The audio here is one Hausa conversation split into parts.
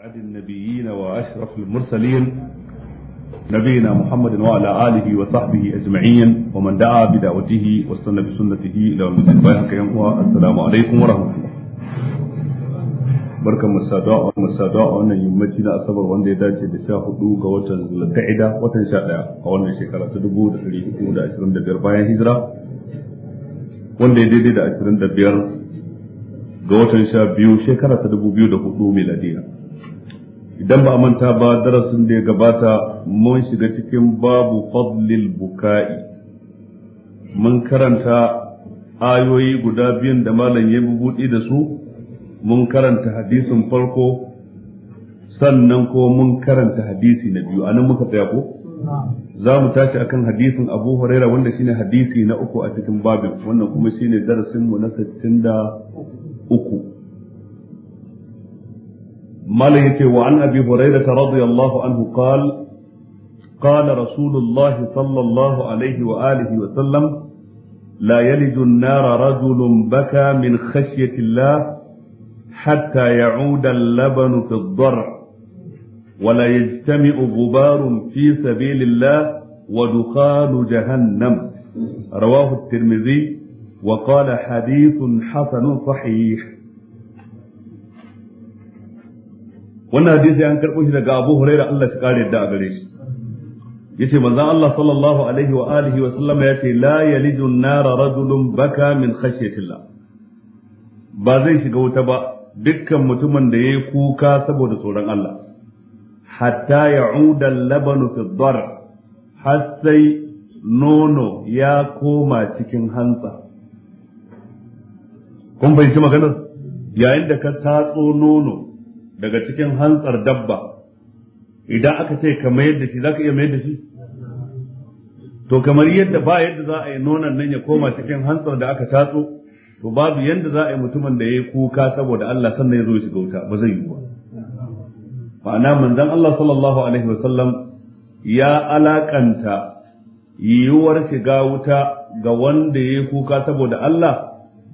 أسعد النبيين وأشرف المرسلين نبينا محمد وعلى آله وصحبه أجمعين ومن دعا بدعوته واستنى بسنته إلى يوم الدين السلام عليكم ورحمة الله barkan mu sadawa mu sadawa wannan yammaci na asabar wanda ya dace da sha hudu ga watan zulqa'ida watan sha daya a wannan shekara ta dubu da dari hudu da ashirin da biyar bayan hijira wanda ya daidai da ashirin da biyar ga watan sha biyu shekara ta dubu biyu da hudu miladiya idan ba manta ba darasin da ya gabata mun shiga cikin babu fadlil buka'i mun karanta ayoyi guda biyan da malam ya bubuɗi da su mun karanta hadisin farko sannan ko mun karanta hadisi na biyu anan muka tsaya ko za mu tashi akan hadisin abu huraira wanda shine hadisi na uku a cikin babin wannan kuma shine darasin mu na sittin da uku مالك وعن أبي هريرة رضي الله عنه قال قال رسول الله صلى الله عليه وآله وسلم لا يلد النار رجل بكى من خشية الله حتى يعود اللبن في الضرع ولا يجتمع غبار في سبيل الله ودخان جهنم رواه الترمذي وقال حديث حسن صحيح wannan hadisi an karɓo shi daga Abu Hurairah Allah ya kare yadda a gare shi yace manzon Allah sallallahu alaihi wa alihi wa sallama yace la yalidu an-nar rajulun baka min khashyatillah ba zai shiga wuta ba dukkan mutumin da yayi kuka saboda tsoron Allah hatta ya'uda al-labanu fi dhar har sai nono ya koma cikin hantsa kun fahimci maganar yayin da ka tatso nono daga cikin hantsar dabba idan aka ce ka mayar da shi za ka iya mayar da shi to kamar yadda ba yadda za a yi nonon nan ya koma cikin hantsar da aka tatso to babu yadda za a yi mutumin da ya yi kuka saboda Allah sannan ya zo ya shiga ba zai yi ba ma'ana manzon Allah sallallahu alaihi wasallam ya alakanta yiwuwar shiga wuta ga wanda ya yi kuka saboda Allah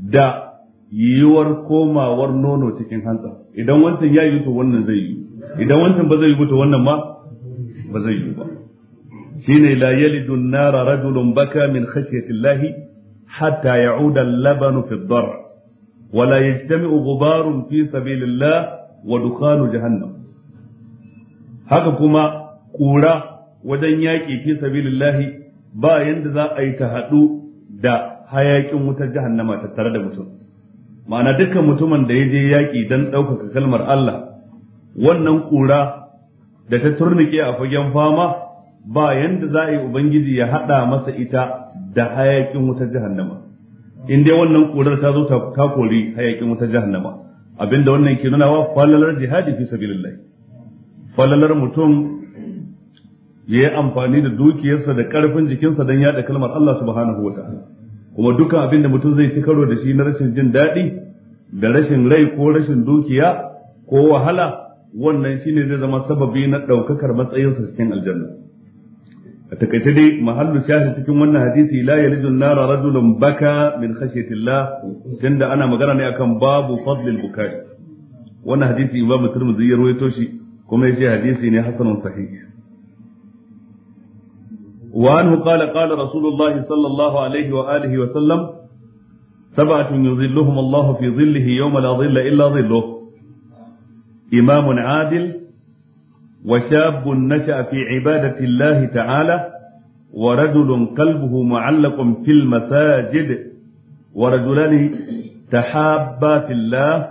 da yiwuwar komawar nono cikin hantsa idan wancan ya yi to wannan zai yi idan wancan ba zai yi to wannan ma ba zai yi ba shine la yalidu an-nara rajulun baka min khashyati Allah hatta ya'uda al-labanu fi ad-dar wa la yajtami'u ghubarun fi sabilillah wa dukhanu jahannam haka kuma kura wajen yaƙi fi sabilillah ba yanda za a yi ta hadu da hayakin wutar jahannama tattare da mutum ma'ana dukkan mutumin da ya je yaƙi don ɗaukaka kalmar Allah wannan ƙura da ta turnike a fagen fama ba yanda za a yi ubangiji ya haɗa masa ita da hayaƙin wutar jahannama in dai wannan ƙurar ta zo ta kori hayaƙin wutar jahannama abinda wannan ke nuna wa falalar jihadi fi sabilillah falalar mutum ya yi amfani da dukiyarsa da ƙarfin jikinsa don yaɗa kalmar Allah subhanahu wa ta'ala kuma dukkan abin da mutum zai ci karo da shi na rashin jin daɗi da rashin rai ko rashin dukiya ko wahala wannan shine zai zama sababi na ɗaukakar matsayinsa cikin aljanna a takaice dai mahallu shahi cikin wannan hadisi la yalidu nara rajulun baka min khashyatillah tunda ana magana ne akan babu fadlil bukari wannan hadisi imam turmuzi ya rawaito shi kuma yace hadisi ne hasanun sahih وعنه قال قال رسول الله صلى الله عليه وآله وسلم سبعة يظلهم الله في ظله يوم لا ظل إلا ظله إمام عادل وشاب نشأ في عبادة الله تعالى ورجل قلبه معلق في المساجد ورجلان تحابا في الله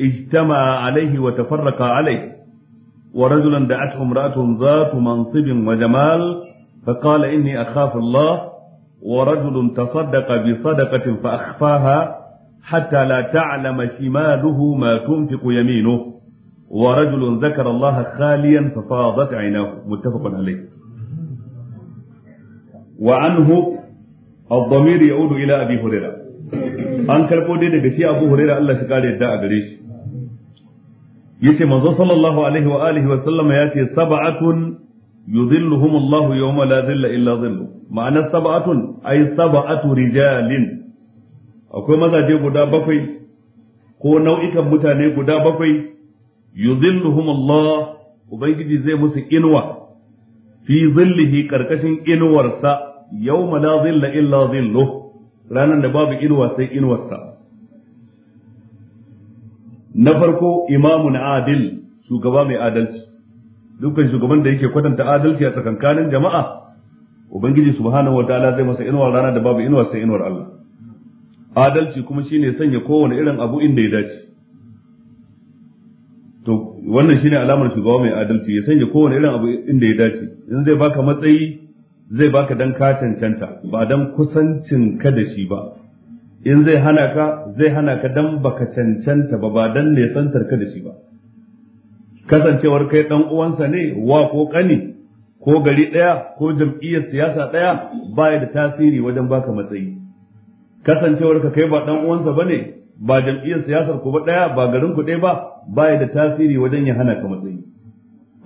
اجتمعا عليه وتفرقا عليه ورجلا دعته امرأة ذات منصب وجمال فقال إني أخاف الله ورجل تصدق بصدقة فأخفاها حتى لا تعلم شماله ما تنفق يمينه ورجل ذكر الله خاليا ففاضت عيناه متفق عليه وعنه الضمير يعود إلى أبي هريرة an karɓo dai daga shi abu huraira Allah shi kare yadda a gare shi yace manzo sallallahu alaihi wa alihi wa sallama yace sab'atun yudhilluhum Allahu yawma la dhilla illa dhillu ma'ana sab'atun ay sab'atu rijalin akwai mazaje guda bakwai ko nau'ikan mutane guda bakwai yudhilluhum Allah ubangiji zai musu inuwa fi zillihi karkashin inuwarsa yawma la zilla illa zillu ranan da babu inuwa sai inuwarsa na farko imamun adil shugaba mai adalci dukkan shugaban da yake kwatanta adalci a tsakankanin jama'a ubangiji subhanahu wataala zai masa inuwar rana da babu inuwar sai inuwar Allah adalci kuma shine sanya kowane irin abu inda ya dace to wannan shine alamar shugaba mai adalci ya sanya kowane irin abu inda ya dace in zai baka matsayi zai baka dan ka cancanta ba dan kusancin ka da shi ba in zai hana ka zai hana ka dan baka cancanta ba ba dan ne santar ka da shi ba kasancewar kai dan uwansa ne wa ko kani ko gari daya ko jam'iyyar siyasa daya baya da tasiri wajen baka matsayi kasancewar ka kai ba dan uwansa bane ba jam'iyyar siyasar ku ba daya ba garin ku ɗaya ba baya da tasiri wajen ya hana ka matsayi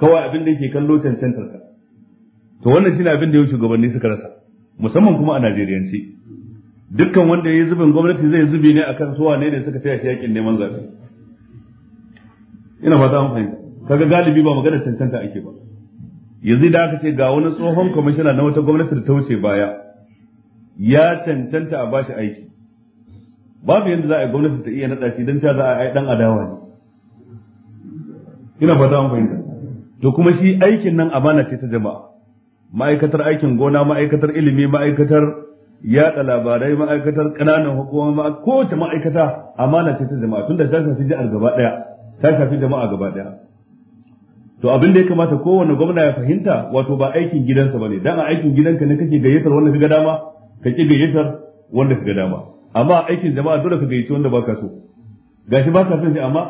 kawai abin da yake kallo cancantar ka to wannan shine abin da yau shugabanni suka rasa musamman kuma a Najeriyanci dukkan wanda ya yi zubin gwamnati zai zubi ne akan suwa ne da suka taya shi yakin neman zaɓe ina fata an fahimta kaga galibi ba magana cancanta ake ba yanzu da aka ce ga wani tsohon kwamishina na wata gwamnati da ta wuce baya ya cancanta a bashi aiki babu yadda za a yi gwamnati ta iya naɗa shi don ta za a yi ɗan adawa ne ina ba an fahimta to kuma shi aikin nan amana ce ta jama'a ma'aikatar aikin gona ma'aikatar ilimi ma'aikatar yaɗa labarai ma'aikatar ƙananan hukuma kowace ma'aikata amana ce ta jama'a tunda ta shafi jihar ta shafi jama'a gaba ɗaya to abin da ya kamata kowane gwamna ya fahimta wato ba aikin gidansa bane dan a aikin gidanka ne kake gayyatar wanda kaga dama ka ki gayyatar wanda kaga dama amma aikin jama'a dole ka gayyaci wanda baka so gashi baka son sai amma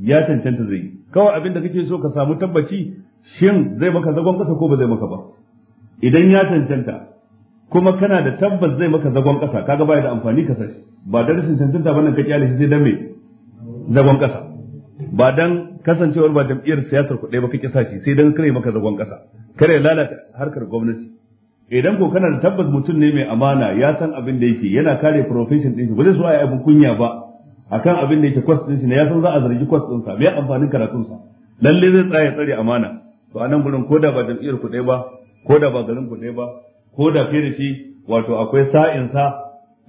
ya cancanta zai yi kawai abin da kake so ka samu tabbaci shin zai maka zagon kasa ko ba zai maka ba idan ya cancanta kuma kana da tabbas zai maka zagon kasa kaga baya da amfani ka sashi ba darasin cancanta cancanta bane ka kyale shi sai dan me zagon kasa ba dan kasancewar ba jam'iyyar siyasar kuɗai ba kake sashi sai dan kare maka zagon ƙasa kare lalata harkar gwamnati idan ko kana da tabbas mutum ne mai amana ya san abin da yake yana kare profession din shi ba zai so a yi abin kunya ba akan abin da yake kwas din shi ne ya san za a zargi kwas din sa me amfanin karatun sa lalle zai tsaya tsare amana to anan gurin koda ba jam'iyyar kuɗai ba koda ba garin kuɗai ba koda fiye da shi wato akwai sa'in sa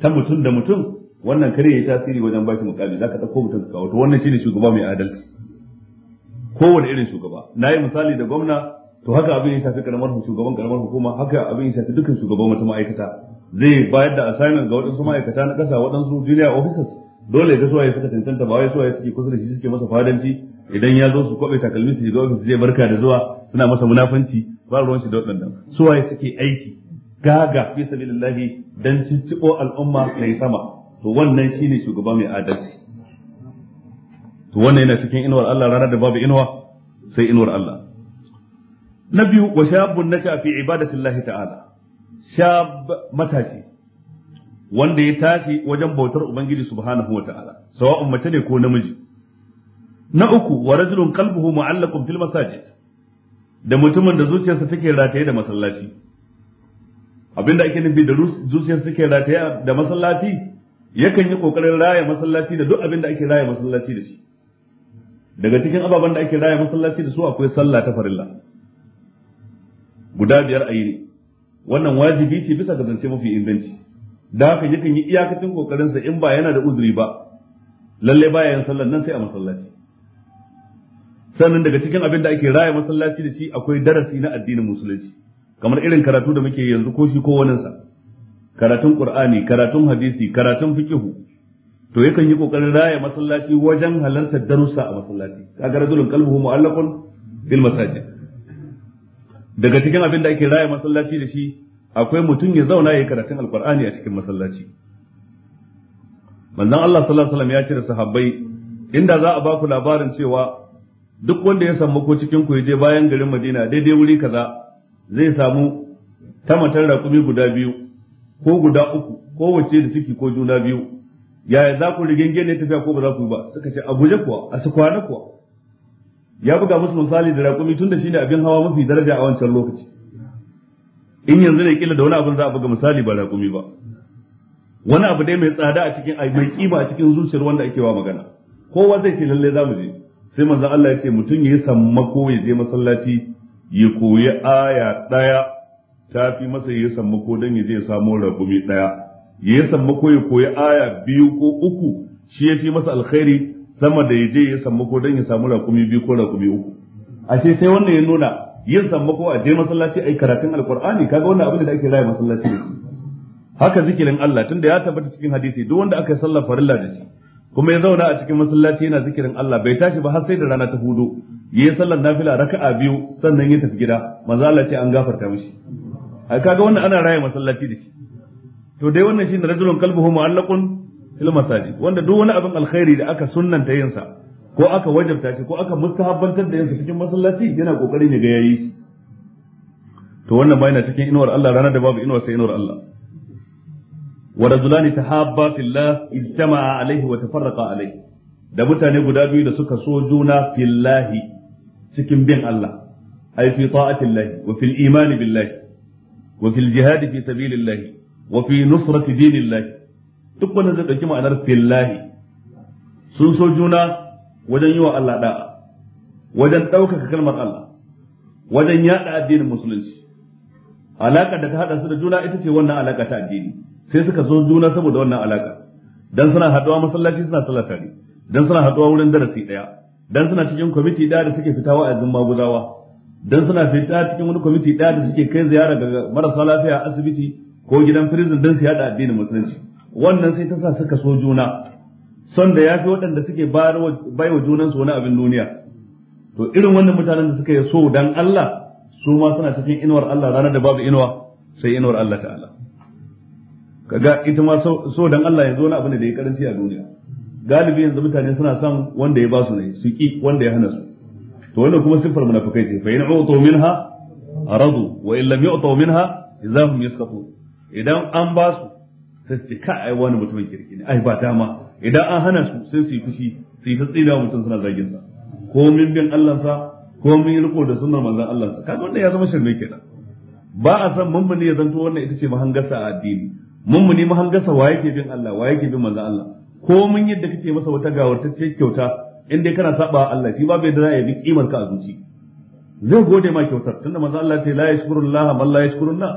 ta mutum da mutum wannan kare ya yi tasiri wajen ba shi mukami ka ta mutum ka kawo to wannan shine shugaba mai adalci kowane irin shugaba na yi misali da gwamna to haka abin ya shafi karamar shugaban karamar hukuma haka abin ya shafi dukkan shugaban wata ma'aikata zai bayar da assignment ga waɗansu ma'aikata na ƙasa waɗansu junior officers dole ga suwaye suka tantanta ba wai suwaye suke kusa da shi suke masa fadanci idan ya zo su kwabe takalmi su shiga ofis zai barka da zuwa suna masa munafanci ba ruwan shi da waɗannan suwaye suke aiki gaga fi sabilillahi dan cicciɓo al'umma mai sama to wannan shine shugaba mai adalci to wannan yana cikin inuwar Allah ranar da babu inuwa sai inuwar Allah na biyu wa shabun naka fi ibadatillahi ta'ala shab matashi wanda ya tashi wajen bautar ubangiji subhanahu wa ta'ala sawa'un mace ne ko namiji na uku wa rajulun qalbuhu mu'allaqun fil masajid da mutumin da zuciyarsa take rataye da masallaci abinda ake nufi da zuciyarsa take rataye da masallaci yakan yi kokarin raya masallaci da duk abin da ake raya masallaci da shi daga cikin ababen da ake raya masallaci da su akwai sallah ta farilla guda biyar a yi wannan wajibi ce bisa ga zance mafi inganci da haka yakan yi iyakacin kokarinsa in ba yana da uzuri ba lalle baya yin sallar nan sai a masallaci sannan daga cikin abin da ake raya masallaci da shi akwai darasi na addinin musulunci kamar irin karatu da muke yanzu ko shi ko waninsa karatun qur'ani karatun hadisi karatun fiqhu to yakan yi kokarin raya masallaci wajen halartar darussa a masallaci kaga rajulun qalbuhu mu'allaqun bil masajid daga cikin abin da ake raya masallaci da shi akwai mutum ya zauna ya karatun alqur'ani a cikin masallaci manzon Allah sallallahu alaihi wasallam ya ce da sahabbai inda za a ba ku labarin cewa duk wanda ya samu ko cikin ku je bayan garin Madina daidai wuri kaza zai samu tamatar raƙumi guda biyu ko guda uku ko wace da ciki ko juna biyu yaya za ku rigenge ne tafiya ko ba za ku yi ba suka ce a guje kuwa a su kwana kuwa ya buga musu misali da raƙumi tun da shine abin hawa mafi daraja a wancan lokaci in yanzu ne kila da wani abin za a buga misali ba raƙumi ba wani abu dai mai tsada a cikin mai kima a cikin zuciyar wanda ake wa magana kowa zai ce lalle zamu je sai manzon Allah ya ce mutum ya yi sammako ya je masallaci ya koyi aya ɗaya ta fi masa ya sammako don ya je ya ɗaya ya sammako ya koyi aya biyu ko uku shi ya fi masa alkhairi sama da ya je ya sammako don ya samu rakumi biyu ko rakumi uku ashe sai wannan ya nuna yin sammako a je masallaci ai karatun alkur'ani kaga wannan abin da ake raya masallaci ne haka zikirin Allah tunda ya tabbata cikin hadisi duk wanda aka sallar farilla da shi kuma ya zauna a cikin masallaci yana zikirin Allah bai tashi ba har sai da rana ta hudu yayi sallar nafila raka'a biyu sannan ya tafi gida manzo Allah ce an gafarta mishi ai kaga wannan ana raya masallaci da shi to dai wannan shine rajulun qalbuhu mu'allaqun fil masajid wanda duk wani abin alkhairi da aka sunnanta yin sa ko aka wajabta shi ko aka mustahabbantar da yin sa cikin masallaci yana kokari ne ga yayi shi to wannan ba cikin inuwar Allah ranar da babu inuwar sai inuwar Allah wa rajulani tahabba fillah ijtama'a alaihi wa tafarraqa alaihi da mutane guda biyu da suka so juna fillahi cikin bin Allah ai fi ta'atillahi wa fil imani billahi wa fil jihad fi sabilillah wa fi nusrati duk wannan zai dauki ma'anar fillahi sun so juna wajen yi Allah da'a wajen ɗaukaka kalmar Allah wajen yada addinin musulunci alaka da ta hada su da juna ita ce wannan alaka ta addini sai suka so juna saboda wannan alaka dan suna haduwa masallaci suna sallah dan suna haduwa wurin darasi daya dan suna cikin kwamiti daya da suke fitawa a wa'azin maguzawa Don suna fita cikin wani kwamiti ɗaya da suke kai ziyara ga marasa lafiya asibiti ko gidan prison don su yada addinin musulunci wannan sai ta sa suka so juna son da ya fi waɗanda suke bai wa junansu wani abin duniya to irin wannan mutanen da suka yi so dan Allah su ma suna cikin inuwar Allah ranar da babu inuwa sai inuwar Allah ta'ala kaga ita ma so dan Allah yanzu wani abu ne da ya karanci a duniya galibi yanzu mutane suna son wanda ya ba su ne su ki wanda ya hana su to wannan kuma siffar munafikai ce fa in utu minha aradu wa in lam yu'tu minha idahum yaskatu idan an ba su sai su ka ai wani mutumin kirki ne ai ba dama idan an hana su sai su yi fushi su yi tsina mutum suna zagin sa ko min bin Allah sa ko min riko da sunnar manzon Allah sa kaga wannan ya zama shirme kenan ba a san mummuni ya zanto wannan ita ce mahangarsa a addini mummuni mahangarsa wa yake bin Allah wa yake bin manzon Allah ko mun yadda kake masa wata gawar gawartacce kyauta in dai kana saba Allah shi ba bai da ya bi kimar ka a zuci zai gode ma kyautar tunda manzo Allah ce la yashkurullaha man la yashkurunna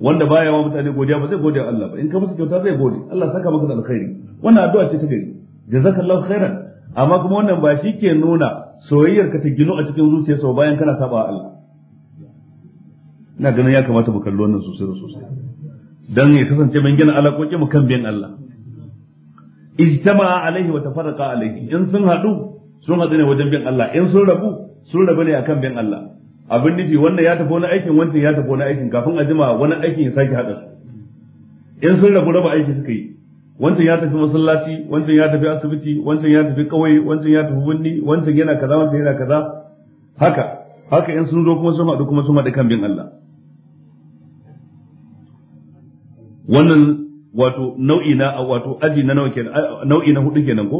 wanda baya wa mutane godiya ba zai gode wa Allah ba in ka musu kyauta zai gode Allah saka maka da alkhairi wannan addu'a ce ta gari jazakallahu khairan amma kuma wannan ba shi ke nuna soyayyar ka ta gino a cikin zuciya sau bayan kana saba Allah ina ganin ya kamata mu kallo wannan sosai da sosai dan ya kasance mun gina alaƙoƙi mu kan biyan Allah ijtama alaihi wa tafarraqa alaihi in sun hadu sun hadu ne wajen bin Allah in sun rabu sun rabu ne akan bin Allah abin nufi wannan ya tafi wani aikin wancan ya tafi wani aikin kafin a jima wani aikin ya sake hada su in sun rabu raba aiki suka yi wancan ya tafi masallaci wancan ya tafi asibiti wancan ya tafi kauye wancan ya tafi binni wancan yana kaza wancan yana kaza haka haka in sun zo kuma sun hadu kuma sun hadu kan bin Allah wannan wato nau'i na wato aji na nawa kenan nau'i na hudu kenan ko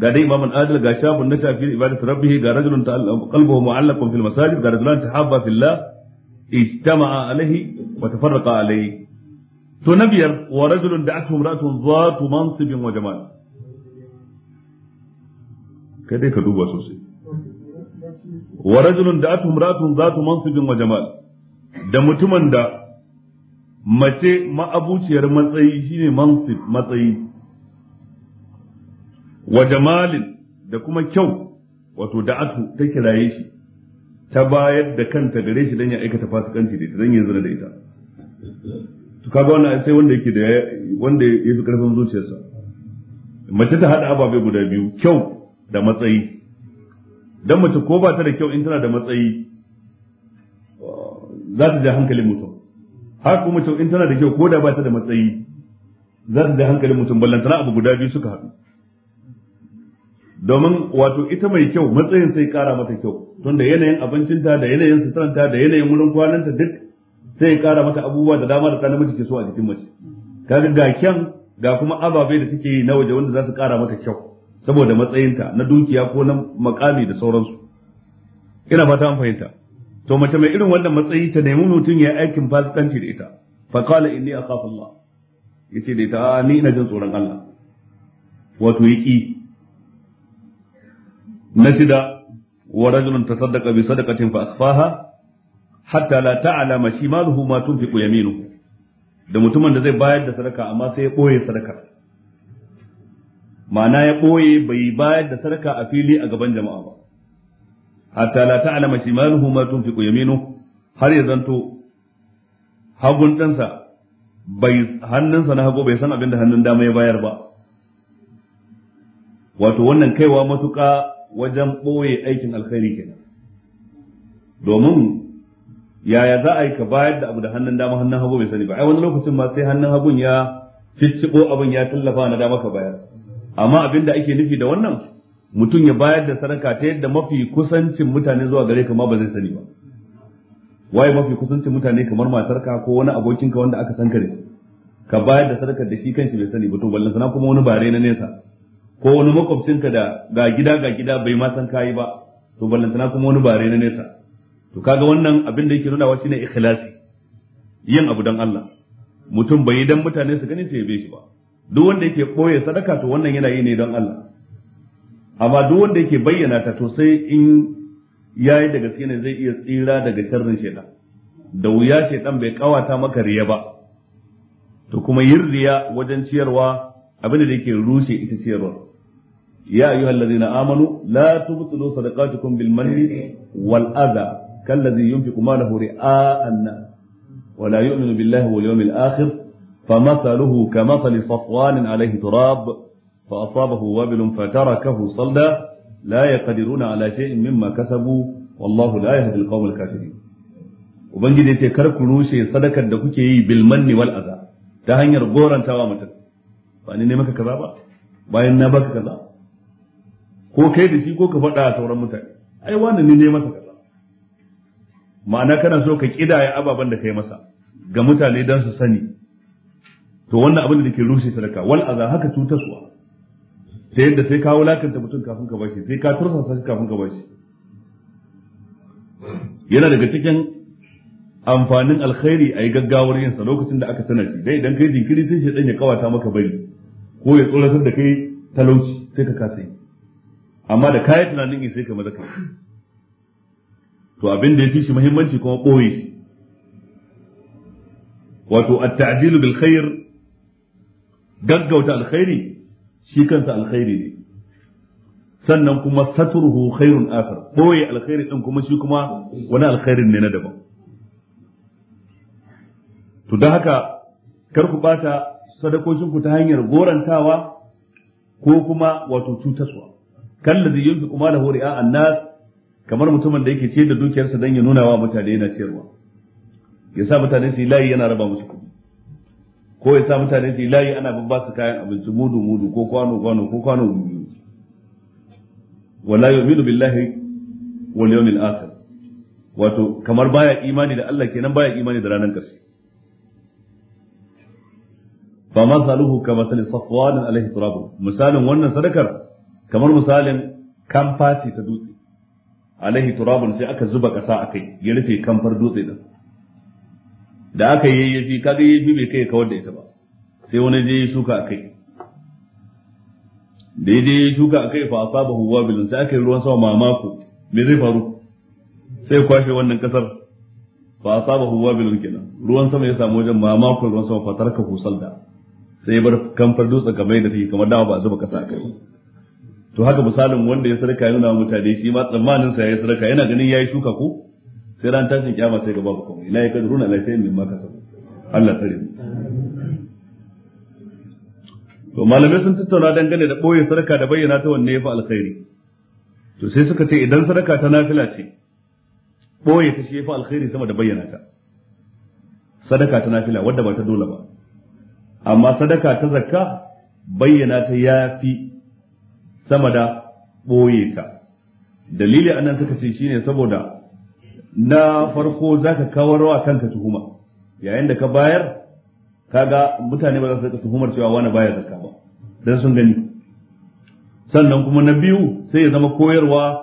ga dai imamul adil ga shafin na shafi ibadatu rabbih ga rajulun qalbuhu mu'allaqun fil masajid ga rajulan tahabba fillah ijtama'a alayhi wa tafarraqa alayhi to na biyar wa rajulun da'atuhu imra'atun dhatu mansibin wa jamal kai dai ka duba sosai wa rajulun da'atuhu imra'atun dhatu mansibin wa jamal da mutumin da mace ma'abuciyar matsayi shine mansib matsayi wa jamalin da kuma kyau wato da'atu ta kiraye shi ta bayar da kanta gare shi don ya aikata fasikanci da ita don ya zina da ita to kaga wannan sai wanda yake da wanda ya fi karfin zuciyarsa mace ta hada ababe guda biyu kyau da matsayi dan mace ko ba ta da kyau in tana da matsayi za ta ja hankalin mutum haka kuma in tana da kyau ko da ba ta da matsayi za ta da hankalin mutum ballantana abu guda biyu suka haɗu domin wato ita mai kyau matsayin sai kara mata kyau da yanayin abincinta da yanayin suturanta da yanayin wurin kwananta duk sai kara mata abubuwa da dama da ta namiji ke so a jikin mace kaga ga kyan ga kuma ababe da suke yi na waje wanda za su kara mata kyau saboda matsayinta na dukiya ko na makami da sauransu ina fata an fahimta to mace mai irin wannan matsayi ta nemi mutum ya aikin fasikanci da ita fa qala inni akhafu Allah yace da ita ni ina jin tsoron Allah wato yiki na shida wa rajulun tasaddaqa bi sadaqatin fa akhfaha hatta la ta'lama shimaluhu ma tunfiqu yaminuhu da mutumin da zai bayar da sadaka amma sai ya boye sadaka ma'ana ya boye bai bayar da sadaka a fili a gaban jama'a ba hatta la ta'lama shimaluhu ma tunfiqu yaminu har ya zanto hagun ɗansa bai hannunsa na hagu bai san abin da hannun dama ya bayar ba wato wannan kaiwa matuƙa wajen ɓoye aikin alkhairi kenan domin yaya za a yi ka bayar da abu da hannun dama hannun hagu bai sani ba ai wani lokacin ma sai hannun hagun ya ciccibo abin ya tallafa na dama ka bayar amma abin da ake nufi da wannan mutum ya bayar da sadaka ta yadda mafi kusancin mutane zuwa gare ka ma ba zai sani ba waye mafi kusancin mutane kamar matarka ko wani abokinka wanda aka san ka da ka bayar da sadakar da shi kanshi bai sani ba to ballan sana kuma wani bare na nesa ko wani makwabcinka da ga gida ga gida bai ma san kai ba to ballan sana kuma wani bare na nesa to kaga wannan abin da yake nuna wa shine ikhlasi yin abu dan Allah mutum bai yi dan mutane su gani su yabe shi ba duk wanda yake boye sadaka to wannan yana yi ne don Allah amma duk wanda yake bayyana ta to sai in yayi da gaske ne zai iya tsira daga sharrin shaitan da wuya shaitan bai kawata maka riya ba to kuma yin riya wajen ciyarwa abin da yake rushe ita ciyarwa ya ayyuhal ladzina amanu la tubtilu sadaqatukum bil manni wal adha kallazi yunfiqu malahu ri'a an-nas wa la yu'minu billahi wal yawmil akhir فمثله كمثل صفوان عليه تراب fa asabahu wabilun fatarakahu salda la yaqdiruna ala shay'in mimma kasabu wallahu la yahdi al-qawm al-kafirin ubangiji yace kar ku rushe sadakar da kuke yi bil manni wal adha ta hanyar ba ni ne maka kaza ba bayan na baka kaza ko kai da shi ko ka faɗa sauran mutane ai wannan ne ne masa kaza ma'ana kana so ka kidaya ababan da kai masa ga mutane dan su sani to wannan abin da ke rushe sadaka wal adha haka cutaswa ta yadda sai ka wulakanta mutum kafin ka bashi sai ka tursasa shi kafin ka bashi yana daga cikin amfanin alkhairi a yi gaggawar yinsa lokacin da aka sana shi dai idan kai jinkiri sai shaidan ya kawata maka bari ko ya tsoratar da kai talauci sai ka kasa yi amma da kayan tunanin yi sai ka maza kai to abin da ya fi shi muhimmanci kuma ɓoye shi wato at-ta'jilu bil khair gaggauta alkhairi shi kansa alkhairi ne sannan kuma saturuhu khairun akhar boye alkhairi din kuma shi kuma wani alkhairin ne na daban to dan haka kar ku bata sadakokin ku ta hanyar gorantawa ko kuma wato cutaswa kallazi yunfiqu malahu ri'a an-nas kamar mutumin da yake ce da dukiyarsa dan ya nuna wa mutane yana ciyarwa ya sa mutane su yi layi yana raba musu ko ya sa mutane su layi ana ban ba su kayan abinci mudu mudu ko kwano kwano ko kwano biyu wala yu'minu billahi wal yawmil akhir wato kamar baya imani da Allah kenan baya imani da ranar ƙarshe fa masaluhu ka masali safwan alaihi turab misalin wannan sadakar kamar misalin kamfaci ta dutse alaihi turabun sai aka zuba ƙasa akai ya rufe kamfar dutse din da aka yi yafi kaga yafi bai kai kawar da ita ba sai wani je ya shuka a kai da ya je ya shuka a kai fa asaba huwa bilin sai aka yi ruwan sama mamako me zai faru sai kwashe wannan kasar fa asaba huwa bilin kenan ruwan sama ya samu wajen mamako ruwan sama fatar ka kusal da sai bar kamfar dutse kamar da take kamar dawa ba zuba kasa a kai to haka misalin wanda ya sarka yana mutane shi ma tsammanin sa ya sarka yana ganin yayi shuka ko sai ran tashin kyama sai ga babu komai runa lai sai min maka sabu Allah tare mu to malamai sun tattauna dangane da boye sadaka da bayyana ta wanne yafi alkhairi to sai suka ce idan sadaka ta nafila ce boye ta shi yafi alkhairi sama da bayyana ta sadaka ta nafila wadda ba ta dole ba amma sadaka ta zakka bayyana ta yafi sama da boye ta dalili anan suka ce shine saboda na farko ka kawar wa kanka tuhuma yayin da ka bayar kaga mutane ba za su rika tuhumar cewa wani bayar zakka ba dan sun gani sannan kuma na biyu sai ya zama koyarwa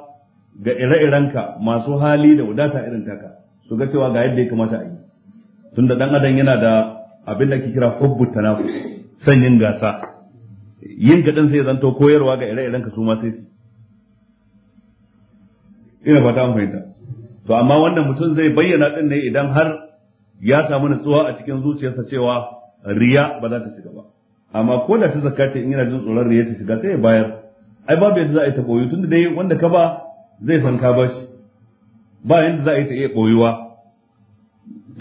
ga ire-irenka masu hali da wadata irin taka su ga cewa ga yadda ya kamata a yi tunda dan adam yana da abin da ake kira hubbu tanafus san yin gasa yin kaɗan sai ya zanto koyarwa ga ire-irenka su ma sai ina fata an fahimta to amma wannan mutum zai bayyana din ne idan har ya samu nutsuwa a cikin zuciyarsa cewa riya ba za ta shiga ba amma ko da ta zakka ce in yana jin tsoron riya ta shiga sai ya bayar ai babu yadda za a yi ta koyo tunda dai wanda ka ba zai san ka ba shi ba yadda za a yi ta iya koyuwa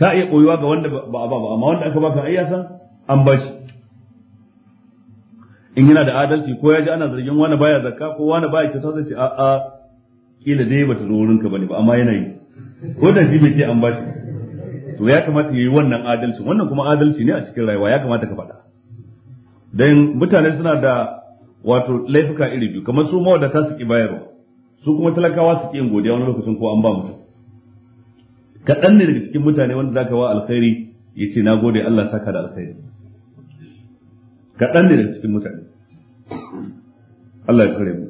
ta iya koyuwa ga wanda ba a ba amma wanda aka baka ai ya san an ba shi in yana da adalci ko ya ji ana zargin wani baya zakka ko wani baya kyauta zai ce a'a kila dai bata zo wurinka bane ba amma yana yi ko da shi bai ce an bashi to ya kamata yi wannan adalci wannan kuma adalci ne a cikin rayuwa ya kamata ka faɗa don mutane suna da wato laifuka iri biyu kamar su mawadata su ki bayarwa su kuma talakawa su ki yin godiya wani lokacin ko an ba mutum kaɗan ne daga cikin mutane wanda zaka wa alkhairi ya ce na gode Allah saka da alkhairi kaɗan ne daga cikin mutane Allah ya kare mu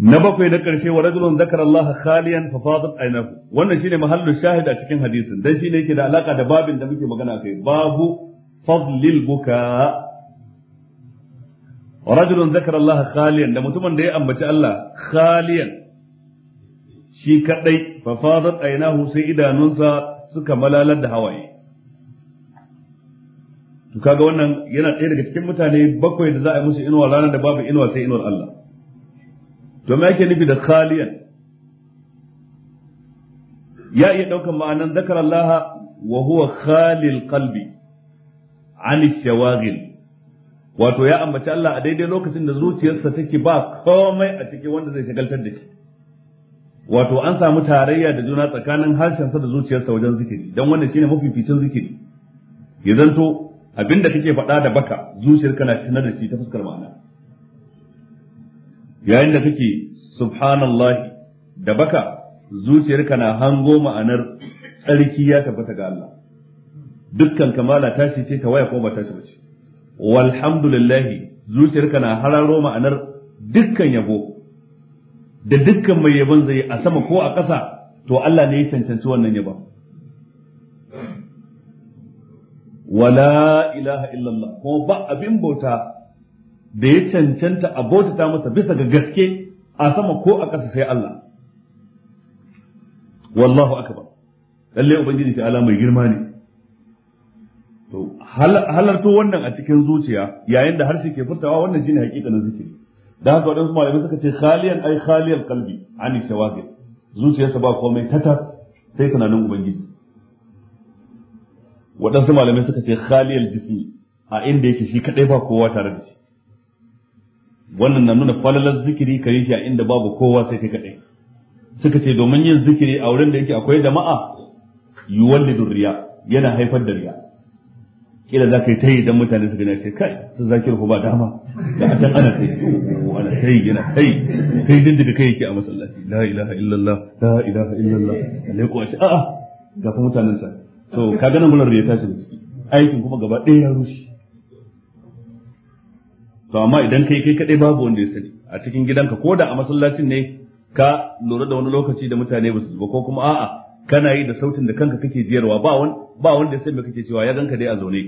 na bakwai na karshe wa rajulun zakara Allah khaliyan fa fadat aynahu wannan shine mahallu shahid a cikin hadisin dan shine yake da alaka da babin da muke magana kai babu fadlil buka rajulun zakara Allah khaliyan da mutumin da ya ambaci Allah khaliyan shi kadai fa fadat aynahu sai idanunsa suka malalar da hawaye to kaga wannan yana ɗaya daga cikin mutane bakwai da za a yi musu inuwa ranar da babu inuwa sai inuwar Allah to yake nufi da khaliyan ya iya daukan ma'anan zakara Allah wa huwa khalil qalbi an shawagil wato ya ambaci Allah a daidai lokacin da zuciyarsa take ba komai a ciki wanda zai shagaltar da shi wato an samu tarayya da juna tsakanin harshensa da zuciyarsa wajen zikiri don wannan shine mafificin zikiri ya zanto abinda kake faɗa da baka zuciyar kana tunar da shi ta fuskar ma'ana yayin da kake subhanallahi da baka zuciyarka na hango ma'anar tsarki ya tabbata ga Allah dukkan kamala tashi ce waya ko ba tashi bace walhamdulillahi zuciyarka na hararo ma'anar dukkan yabo da dukkan mai yabon zai a sama ko a ƙasa to Allah ne ya cancanci wannan yabon wala ilaha illallah kuma ba abin bauta da ya cancanta a bautata masa bisa ga gaske a sama ko a ƙasa sai Allah wallahu akbar lalle ubangiji ta ala mai girma ne to halarto wannan a cikin zuciya yayin da harshe ke furtawa wannan shine hakikanin zikiri da haka wadansu malamai suka ce khaliyan ai khaliyan qalbi ani shawagil zuciyarsa ba komai tata sai tunanin ubangiji wadansu malamai suka ce khaliyal jismi a inda yake shi kadai ba kowa tare da shi wannan na nuna falalar zikiri ka yi shi a inda babu kowa sai kai kaɗai suka ce domin yin zikiri a wurin da yake akwai jama'a yuwallidu riya yana haifar da riya kila za ka yi tayi idan mutane su gani ce kai sun zakir ko ba dama da a can ana tayi ana tayi yana tayi sai daga kai yake a masallaci la ilaha illallah la ilaha illallah ko a ce a'a ga fa mutanen sa to ga nan mun riya ta ciki aikin kuma gaba ɗaya ya rushe to amma idan kai kai kadai babu wanda ya sani a cikin gidanka ko da a masallacin ne ka lura da wani lokaci da mutane ba su ba ko kuma a'a kana yi da sautin da kanka kake jiyarwa ba wani ba wanda ya san me kake cewa ya ganka dai a zaune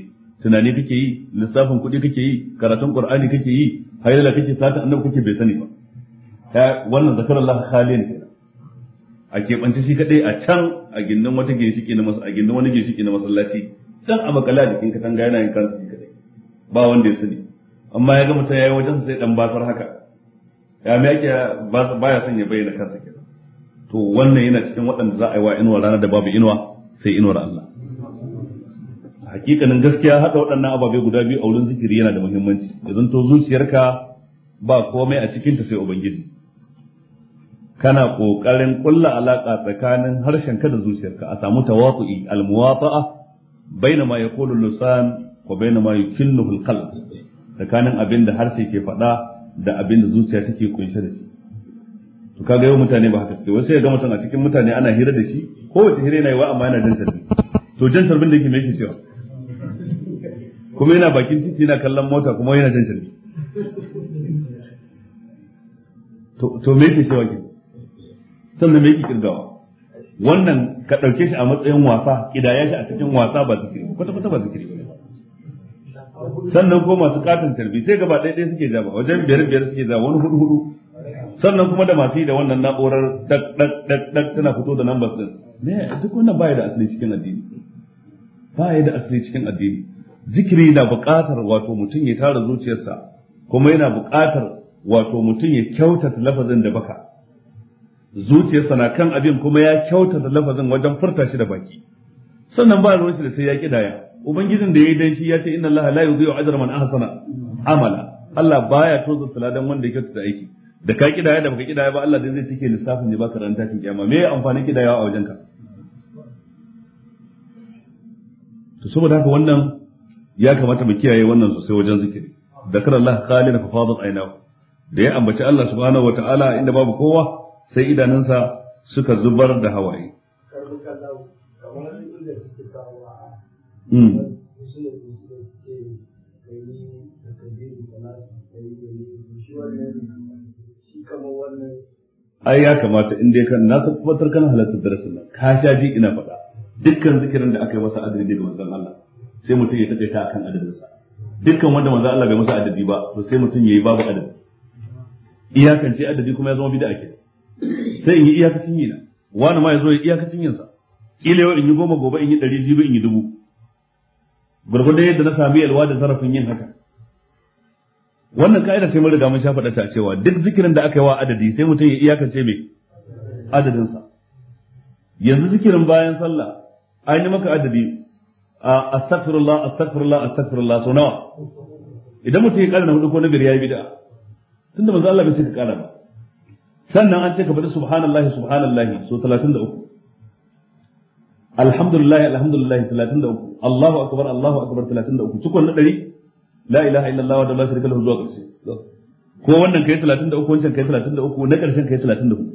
tunani kake yi lissafin kuɗi kake yi karatun qur'ani kake yi hayyala kake sata annabi kake bai sani ba wannan zakarallah khaliyan kenan a keɓance shi kadai a can a gindin wata ginshiki na a gindin wani ginshiki na masallaci can a makala jikin katanga yana yin kansa shi kadai ba wanda ya sani amma ya ga mutum ya yi wajen sai dan basar haka ya mai yake baya son ya bayyana kansa ke. to wannan yana cikin waɗanda za a yi wa inuwa ranar da babu inuwa sai inuwar Allah hakikanin gaskiya haɗa waɗannan ababe guda biyu a wurin zikiri yana da muhimmanci ya zanto zuciyarka ba komai a cikinta sai ubangiji kana ƙoƙarin kulla alaka tsakanin ka da zuciyarka a samu tawatu'i almuwata'a baina ma yaqulu lisan wa baina yukinnu alqalb tsakanin abin da harshe ke faɗa da abin da zuciya take kunshe da shi to kaga yau mutane ba haka suke wasu ya ga mutum a cikin mutane ana hira da shi kowace hira yana yi wa amma yana jan tarbi to jan tarbin da yake me yake cewa kuma yana bakin titi yana kallon mota kuma yana jan tarbi to me yake cewa ke sannan me yake kirgawa wannan ka ɗauke shi a matsayin wasa kidaya shi a cikin wasa ba zikiri kwata kwata ba zikiri sannan ko masu katon tarbi sai gaba ɗaya ɗaya suke zaba wajen biyar biyar suke zaba wani hudu hudu sannan kuma da masu yi da wannan na'urar dak dak dak dak tana fito da numbers din ne duk wannan baya da asali cikin addini baya da asali cikin addini zikiri na buƙatar wato mutum ya tara zuciyarsa kuma yana buƙatar wato mutum ya kyautata lafazin da baka zuciyarsa na kan abin kuma ya kyautata lafazin wajen furta shi da baki sannan ba ruwan shi da sai ya kidaya ubangijin da yayi dan shi ya ce inna allaha la yudhi'u ajra man ahsana amala Allah baya tozo saladan wanda ya kyautata aiki da ka kidaya da baka kidaya ba Allah dai zai cike lissafin ne baka ran tashin kiyama me amfanin kidayawa a wajenka to saboda haka wannan ya kamata mu kiyaye wannan sosai wajen zikiri dakar Allah khalina fa fadat aynahu da ya ambaci Allah subhanahu wataala inda babu kowa sai idanunsa suka zubar da hawaye Hmm. ai ya kamata in dai kan na tabbatar kana halartar darasin nan ka sha ji ina faɗa dukkan zikirin da aka yi masa adadi daga manzon Allah sai mutum ya takaita akan adadinsa dukkan wanda manzon Allah bai masa adadi ba to sai mutum yayi babu adadi iyakance adadi kuma ya zama bid'a ke sai in yi iyakacin yi na wani ma ya zo ya iyakacin yinsa kila yau in yi goma gobe in yi ɗari jibi in yi dubu gurgurdan yadda na sami yalwa da zarafin yin haka wannan ka'ida sai mun riga mun shafa ta cewa duk zikirin da aka yi wa adadi sai mutum ya iyakance mai adadinsa yanzu zikirin bayan sallah an yi maka adadi a astaghfirullah astaghfirullah astaghfirullah sau nawa idan mutum ya ƙara na hudu ko na biyar ya yi bid'a tunda manzo Allah bai sai ka ƙara ba sannan an ce ka faɗi subhanallahi subhanallahi so 33 alhamdulillah alhamdulillah 33 Allahu akbar Allahu akbar 33 cikon na 100 la ilaha illallah wa la sharika lahu zuwa ƙarshe ko wannan kai 33 wancan kai 33 na ƙarshen kai 34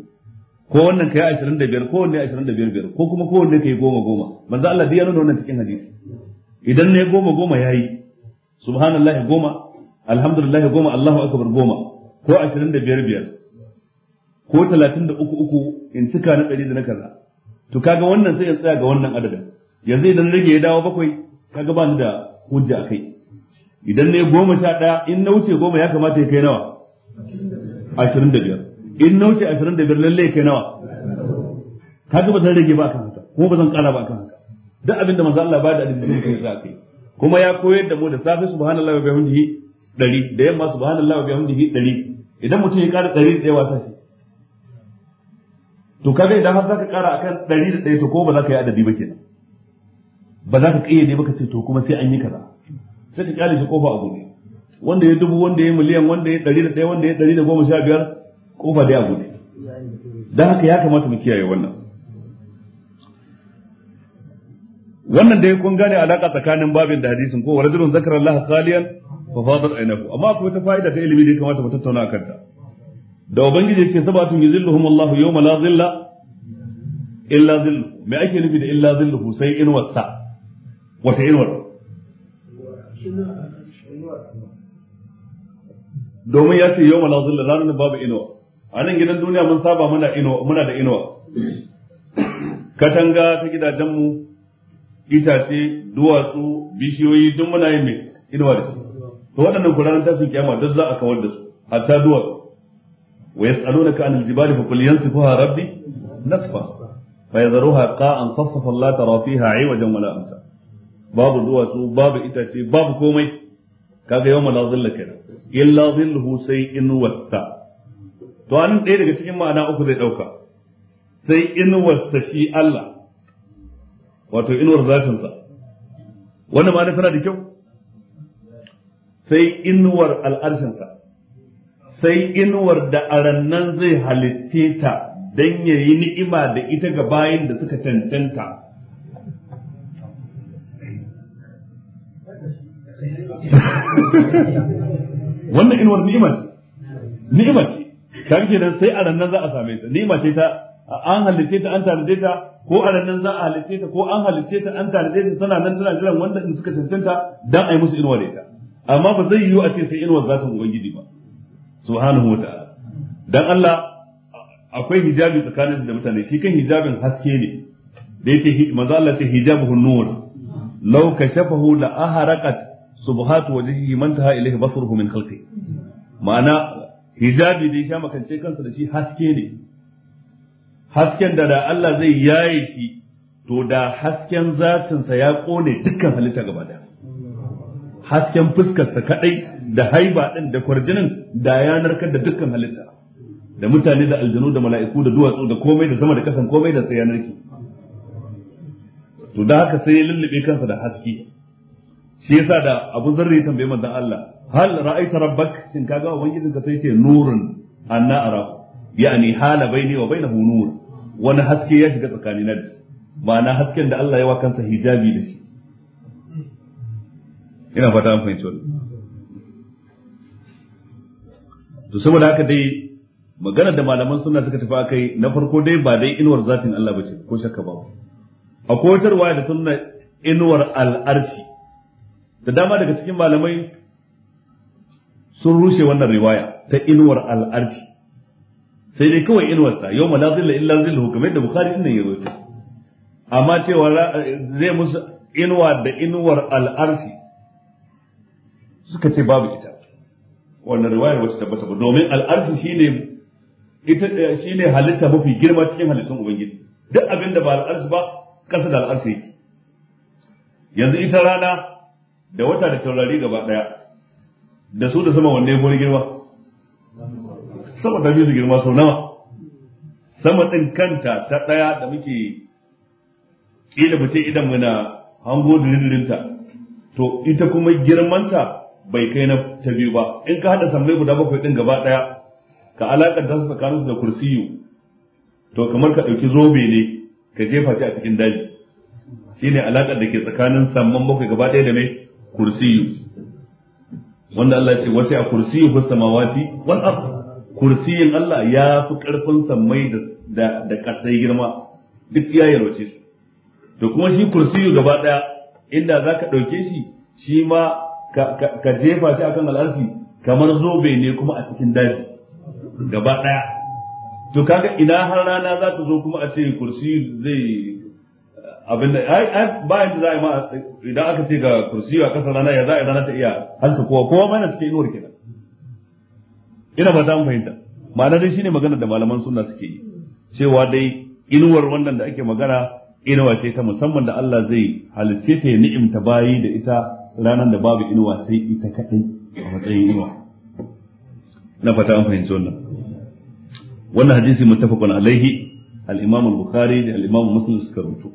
ko wannan kai 25 ko wanne 25 ko kuma ko wanne kai goma manzo Allah ya nuna cikin hadisi idan ne goma yayi subhanallahi goma alhamdulillah goma Allahu akbar goma ko 25 biyar ko 33 uku in cika na 100 na kaza to kaga wannan sai ya tsaya ga wannan adadin yanzu idan rage ya dawo bakwai kaga ba ni da hujja a kai idan ne goma sha ɗaya in na wuce goma ya kamata ya kai nawa ashirin da biyar in na wuce ashirin da biyar lallai kai nawa kaga ba zan rage ba kan haka kuma ba zan ƙara ba kan haka duk abinda manzo Allah ba da addini sai ya kai kuma ya koyar da mu da safe subhanallahi wa bihamdihi 100 da yamma subhanallahi wa bihamdihi 100 idan mutum ya ƙara 100 da yawa shi. to kaga idan har zaka kara akan 100 da to ko ba za ka yi adadi ba kenan ba za ka ne ba ka ce to kuma sai an yi kaza sai ka kyale shi kofa a gobe wanda ya dubu wanda ya miliyan wanda ya 100 wanda ya 115 kofa dai a gobe dan haka ya kamata mu kiyaye wannan wannan dai kun gane alaka tsakanin babin da hadisin ko rajulun zakara Allah khaliyan fa fadat ainahu amma akwai ta fa'ida ta ilimi da ya kamata mu tattauna akan ta da ubangiji ya ce sabatun yuzilluhum Allahu yawma la zilla illa zillu me ake nufi da illa zilluhu sai inuwar sa wata inuwar domin ya ce yawma la zilla ranar babu inuwa a nan gidan duniya mun saba muna inuwa muna da inuwa katanga ta gidajenmu itace duwatsu bishiyoyi duk muna yin mai inuwa da su to waɗannan kuranan tashin kiyama duk za a kawar da su hatta duwatsu wa yas'alunaka na jibali fa qul yansifuha rabbi nasfa fa yadharuha qa'an sassafa la tara fiha 'iwajan wala amta babu duwatsu babu itace babu komai kaga yawma la dhilla kenan illa dhilluhu sai in wasta to anan ɗaya daga cikin ma'ana uku zai ɗauka sai in wasta shi Allah wato inuwar zatinsa wannan ma tana da kyau sai inuwar al'arshinsa sai inuwar da arannan zai halitte ta don ya yi ni'ima da ita ga bayan da suka cancanta wannan inuwar ni'ima ce ni'ima ce kan kenan sai arannan za a same ta ni'ima ce ta an halitte ta an talibe ta ko arannan za a halitte ta ko an halitte ta an talibe ta tana nan tana jiran wanda in suka cancanta dan a yi musu inuwar ita amma ba zai yiwu a ce sai inuwar zatin ubangiji ba subhanahu wa ta'ala dan Allah akwai hijabi tsakanin da mutane shi kan hijabin haske ne da yake manzo Allah ce hijabuhu nur law kashafahu la aharaqat subhatu wajhihi man taha ilayhi basaruhu min khalqi ma'ana hijabi da ya makance kansa da shi haske ne hasken da da Allah zai yaye shi to da hasken zatinsa ya kone dukkan halitta gaba da hasken fuskarsa kadai da haiba din da kwarjinin da ya narkar da dukkan halitta da mutane da aljanu da mala'iku da duwatsu da komai da zama da kasan komai da sai ya narke to da haka sai ya lullube kansa da haske shi yasa da Abu Zarri ya tambaye manzon Allah hal ra'aita rabbak shin kaga ka sai ce nurun anna ara yani hala baini wa bainahu nur wani haske ya shiga tsakanina da shi ma'ana hasken da Allah ya wa kansa hijabi da shi ina fata an fahimci wannan to saboda haka dai maganar da malaman suna suka tafi akai na farko dai ba dai inuwar zatin Allah bace ko shakka ba akwai wata ruwaya da sunna inuwar al'arshi da dama daga cikin malamai sun rushe wannan riwaya ta inuwar al'arshi sai dai kawai inuwar sa yau malazilla illa zilluhu kamar da bukhari din ya rawaito amma cewa zai musu inuwa da inuwar al'arshi suka ce babu ita wannan riwayar wacce tabbata ba domin al'arshi shine ita eh, shine halitta mafi girma cikin halittun ubangiji duk abin da ba al'arshi ba kasa da al'arshi yake yanzu ita rana da wata da taurari gaba daya da su da sama wanne ya fi girma sama ta fi su girma sau nawa sama ɗin kanta ta ɗaya da muke kila mu ce idan muna hango diririnta to ita kuma girmanta bai kai na ta biyu ba in ka hada sammai guda bakwai din gaba daya ka alakanta su tsakaninsu da kursiyu to kamar ka ɗauki zobe ne ka jefa shi a cikin daji shine alakar da ke tsakanin samman bakwai gaba daya da mai kursiyu wanda Allah ya ce wasi a kursiyu fis samawati wal ard kursiyin Allah ya fi karfin sammai da da kasai girma duk ya yalwace su to kuma shi kursiyu gaba daya inda zaka dauke shi shi ma ka jefa shi akan al'arsi kamar zobe ne kuma a cikin daji gaba daya to kaga ina har rana za ta zo kuma a ce kursi zai abin da ai bayan da za a ma idan aka ce ga kursi a kasar rana ya za a rana ta iya halka kowa kowa ma yana cikin inuwar kenan ina ba za mu fahimta ma'ana dai shine magana da malaman sunna suke yi cewa dai inuwar wannan da ake magana inuwa ce ta musamman da Allah zai halicce ta ni'imta bayi da ita ranar da babu inuwa sai ita kaɗai a matsayin inuwa na fata an fahimci wannan wannan hadisi muttafaqun alaihi al-imam al-bukhari da al-imam muslim suka rubuto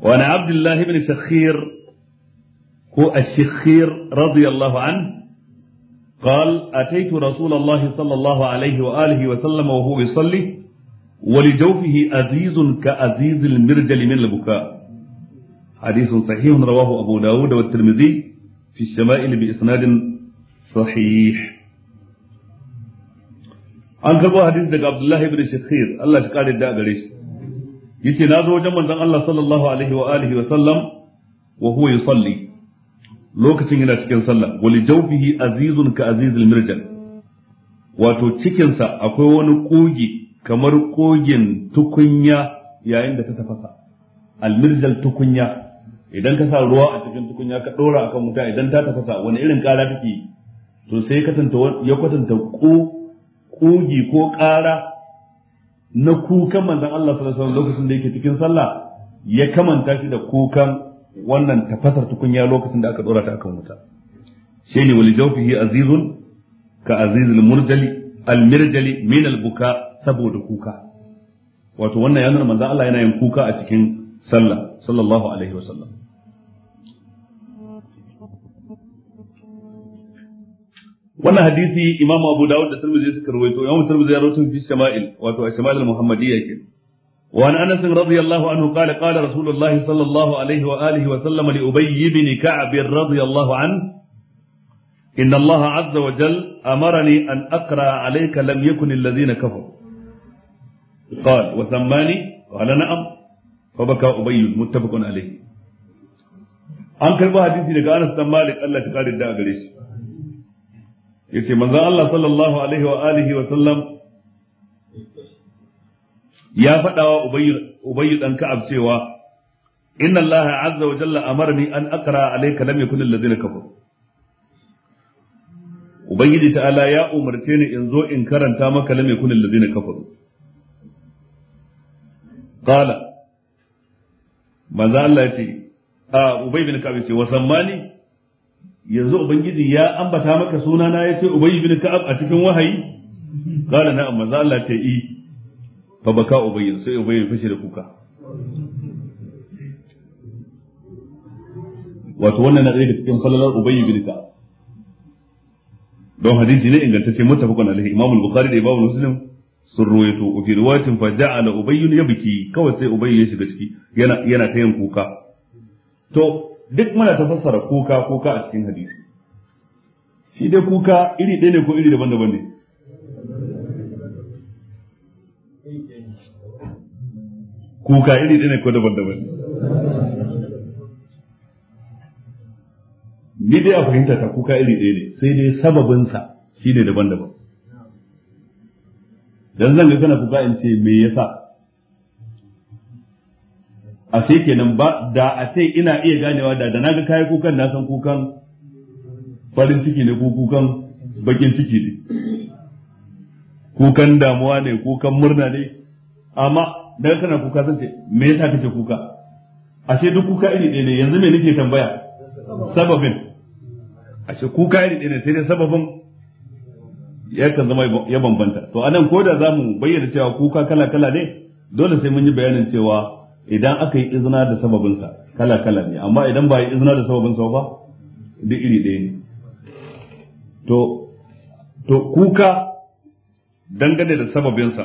wa ana abdullah ibn sakhir ko ash-shakhir radiyallahu anhu قال أتيت رسول الله صلى الله عليه وآله وسلم وهو يصلي ولجوفه أزيز كأزيز المرجل من البكاء حديث صحيح رواه أبو داود والترمذي في الشمائل بإسناد صحيح an karɓo hadisi daga Abdullah ibn Shakhir Allah shi kare da gare shi yace na zo wajen manzon Allah sallallahu alaihi wa alihi wa sallam wa huwa yusalli lokacin yana cikin sallah wali jawfihi azizun ka wato cikinsa akwai wani kogi kamar kogin tukunya yayin da ta tafasa almirjal tukunya idan ka sa ruwa a cikin tukunya ka dora akan wuta idan ta tafasa wani irin kara take yi to sai ya kwatanta ƙugi ko ƙara na kukan manzon Allah sallallahu alaihi wasallam lokacin da yake cikin sallah ya kamanta shi da kukan wannan tafasar tukunya lokacin da aka dora ta akan wuta shi ne wal jawfihi azizun ka azizul murjali al mirjali min al buka saboda kuka wato wannan ya nuna manzon Allah yana yin kuka a cikin sallah sallallahu alaihi wasallam wannan hadisi imam abu dawud da tirmidhi suka rawaito imam tirmidhi ya rawaito fi shama'il wato a shama'il muhammadiyya ke wa an anas radiyallahu anhu qala qala rasulullah sallallahu alaihi wa alihi wa sallam li ubay ibn ka'b radiyallahu an إن الله عز وجل أمرني أن أقرأ عليك لم يكن الذين كفروا قال وثماني قال نعم فبكى أبي متفق عليه أنكر بها حديثي لك أنس مالك الله شكار الداء قريش yace manzon Allah sallallahu alaihi wa alihi wa sallam ya faɗawa ubayyu dan ka'ab cewa inna Allah azza wa jalla amarni an aqra alayka lam yakun alladhina kafaru ubangiji ta'ala ya umarce ni in zo in karanta maka lam yakun alladhina kafaru qala manzo Allah yace ce a ubay bin ka'ab ce wasammani yanzu ubangiji ya ambata maka suna ya ce ubayy bin ka'ab a cikin wahayi qala na amma za Allah ce i fa baka ubayy sai ubayy fashe da kuka wato wannan na daga cikin falalar ubayy bin ka'ab don hadisi ne ingantacce muttafaqun alaihi imamu al-bukhari da imamu muslim sun ruwaito wa fi riwayatin fa ja'ala ubayy yabki kawai sai ubayy ya shiga ciki yana yana ta yin kuka to duk muna ta fassara kuka kuka a cikin hadisi shi dai kuka iri ɗaya ne ko iri daban-daban ne kuka iri ɗaya ne ko daban-daban ni dai a fahimta ta kuka iri ɗaya ne sai dai sababinsa shi ne daban-daban dan zan ga kana kuka in ce me yasa a sai kenan ba da a ce ina iya ganewa da da naga kai kukan na san kukan farin ciki ne ko kukan bakin ciki ne kukan damuwa ne kukan murna ne amma daga kana kuka san ce me yasa kake kuka ashe duk kuka iri ɗaya ne yanzu me nake tambaya sababin ashe kuka iri ɗaya ne sai dai sababin ya kan zama ya bambanta to anan ko da zamu bayyana cewa kuka kala kala ne dole sai mun yi bayanin cewa idan aka yi izina da sababinsa kala kala ne amma idan ba yi izina da sababinsa ba duk iri ɗaya ne to to kuka dangane da sababinsa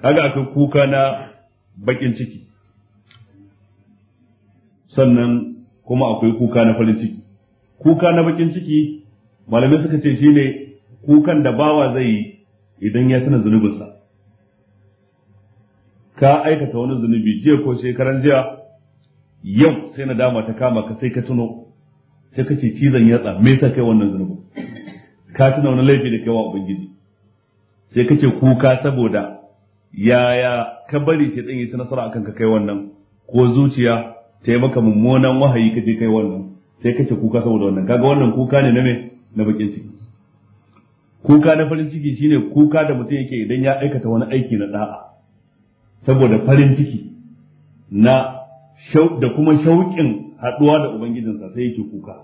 kaga akwai kuka na bakin ciki sannan kuma akwai kuka na farin ciki kuka na bakin ciki malamai suka ce shine kukan da bawa zai yi idan ya tuna zunubinsa ka aikata wani zunubi jiya ko shekaran jiya yau sai nadama ta kama ka sai ka tuno sai ka ce cizon yatsa me sa kai wannan zunubi ka tuna wani laifi da kaiwa ubangiji sai ka ce kuka saboda yaya ka bari shi dan yi nasara akan ka kai wannan ko zuciya ta yi maka mummunan wahayi ka je kai wannan sai ka ce kuka saboda wannan kaga wannan kuka ne na me na bakin ciki kuka na farin ciki shine kuka da mutum yake idan ya aikata wani aiki na da'a saboda farin ciki na da kuma shauƙin haɗuwa da ubangijinsa sai yake kuka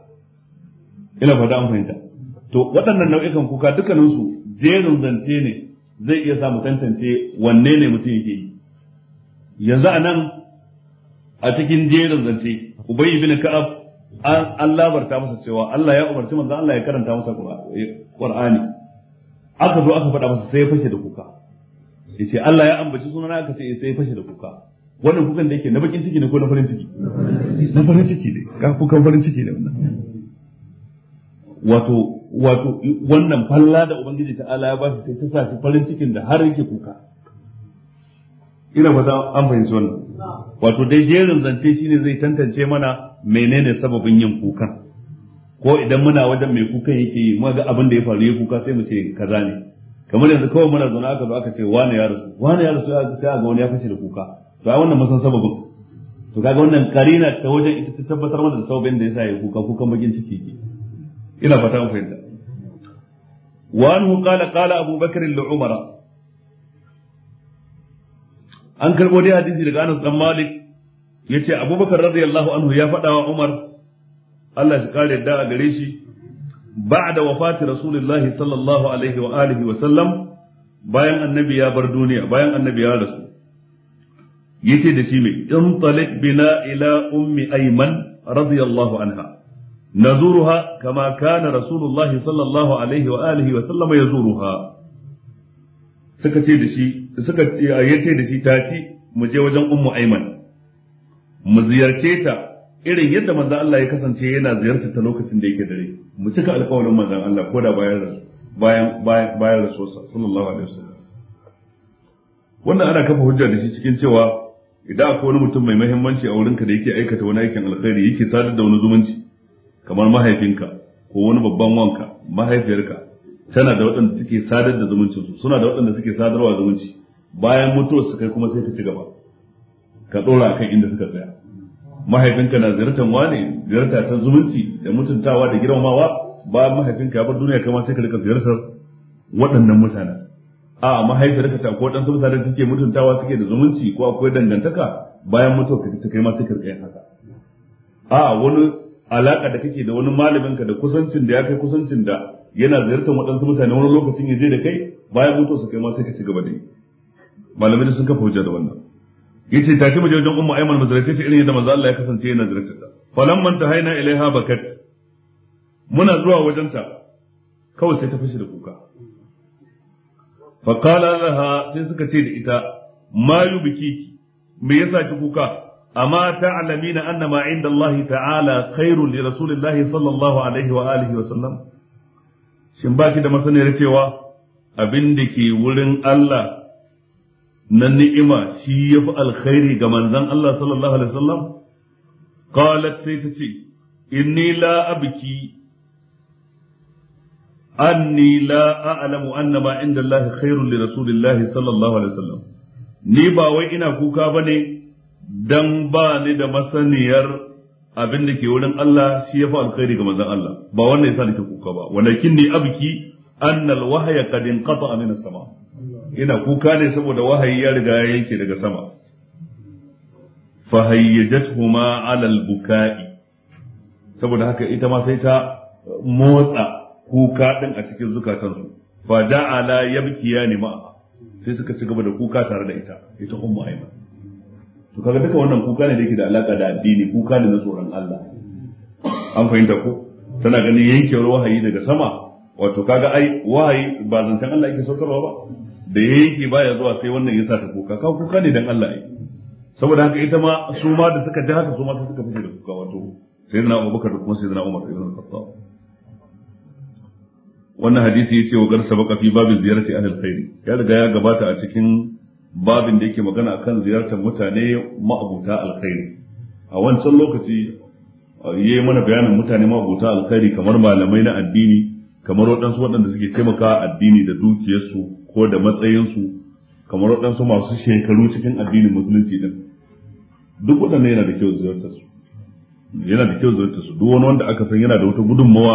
ina fata an fahimta to waɗannan nau'ikan kuka dukkaninsu jerin zance ne zai iya samu tantance wanne ne mutum yake yi yanzu a nan a cikin jerin zance ubayi bin ka'ab an labarta masa cewa Allah ya umarci manzo Allah ya karanta masa Qur'ani aka zo aka faɗa masa sai ya fashe da kuka yace Allah ya ambaci sunana aka ce eh, sai fashe da kuka wannan kukan da yake na bakin ciki ne ko na farin ciki na farin ciki ne ga kukan farin ciki ne wannan wato wato wannan falla da ubangiji ta Allah ya ba shi sai ta sa shi farin cikin da har yake kuka ina ba za an fahimci wannan wato dai jerin zance shine zai tantance mana menene sababin yin kukan ko idan muna wajen mai kukan yake yi mu ga abin da ya faru ya kuka sai mu ce kaza ne kamar yanzu kawai muna zaune aka zo aka ce wani ya rasu wani ya rasu sai a ga wani ya kashe da kuka to ai wannan masan sababin to kaga wannan karina ta wajen ita ta tabbatar mana da sababin da yasa ya kuka kukan bakin ciki ke ina fata an fahimta wa anhu qala qala abu bakr li umara an karbo dai hadisi daga Anas dan Malik yace Abubakar radiyallahu anhu ya faɗa wa Umar Allah shi kare da a gare shi بعد وفاة رسول الله صلى الله عليه وآله وسلم bayan annabi ya bar duniya bayan annabi ya rasu da shi mai in talik bina ila ummi ayman radiyallahu anha nazuruha kama kana rasulullahi sallallahu alaihi wa alihi wa sallama yazuruha suka ce da shi suka yace da mu je wajen ummu mu ziyarce ta irin yadda manzan Allah ya kasance yana ziyarta ta lokacin da yake dare mu cika alƙawarin manzan Allah ko da bayan bayan bayan sallallahu alaihi wasallam wannan ana kafa hujja da shi cikin cewa idan akwai wani mutum mai muhimmanci a wurinka da yake aikata wani aikin alkhairi yake sadar da wani zumunci kamar mahaifinka ko wani babban wanka mahaifiyarka tana da waɗanda suke sadar da zumuncinsu suna da waɗanda suke sadarwa zumunci bayan mutuwar su kai kuma sai ka ci gaba ka ɗora kan inda suka tsaya mahaifinka na ziyartar wane ziyarta ta zumunci da mutuntawa da girmamawa ba mahaifinka ya bar duniya kama sai ka rika ziyartar waɗannan mutanen a mahaifiyarka ta ko dan sun da take mutuntawa suke da zumunci ko akwai dangantaka bayan mutuwa ka ta kai ma sai ka rika haka a wani alaka da kake da wani malamin ka da kusancin da ya kai kusancin da yana ziyartar waɗansu mutane wani lokacin ya je da kai bayan mutuwa su kai ma sai ka ci gaba da yi malamai sun kafa hujja da wannan yace tashi mu je wajen ummu ayman mu zarace ta irin yadda manzo Allah ya kasance yana zarace ta falamman tahaina ilaiha bakat muna zuwa wajen ta kawai sai ta fashe da kuka fa qala laha sai suka ce da ita ma yubiki me yasa ki kuka amma ta'lamina anna ma inda Allah ta'ala khairun li rasulillahi sallallahu alaihi wa alihi wa sallam shin baki da masaniyar cewa abin da ke wurin Allah na ni'ima shi yafi alkhairi ga manzan Allah sallallahu alaihi wasallam qalat sai ta ce inni la abki anni la a'lamu anna ma inda Allah khairun li rasulillah sallallahu alaihi wasallam ni ba wai ina kuka ne dan ba ni da masaniyar abin da ke wurin Allah shi fi alkhairi ga manzan Allah ba wannan yasa nake kuka ba kin ni abki anna wahaya kadin kafa min sama yana kuka ne saboda wahayi ya riga ya yanke daga sama fahayyajathuma alal buka'i saboda haka ita ma sai ta motsa kuka din a cikin zukatansu fa ja'ala yabkiyani ma'a sai suka ci gaba da kuka tare da ita ita ummu aiman to kaga duka wannan kuka ne da yake da alaka da addini kuka ne na tsoron Allah an fahimta ko tana ganin yankewar wahayi daga sama wato kaga ai wahayi ba zancen Allah yake saukarwa ba da yake yanke baya zuwa sai wannan ya sa ta kuka ka kuka ne dan Allah ai saboda haka ita ma su ma da suka ji haka su ma suka fice da kuka wato sayyidina Abubakar da kuma sayyidina Umar ibn al-Khattab wannan hadisi yace wa gar sabaka fi babin ziyarati al khair ya riga ya gabata a cikin babin da yake magana akan ziyartar mutane ma'abuta alkhairi a wancan lokaci yayi mana bayanin mutane ma'abuta alkhairi kamar malamai na addini kamar waɗansu waɗanda suke taimaka addini da dukiyarsu ko da matsayinsu kamar waɗansu masu shekaru cikin addinin musulunci din duk waɗannan yana da kyau ziyartarsu. su yana da kyau ziyartarsu. su duk wani wanda aka san yana da wata gudunmawa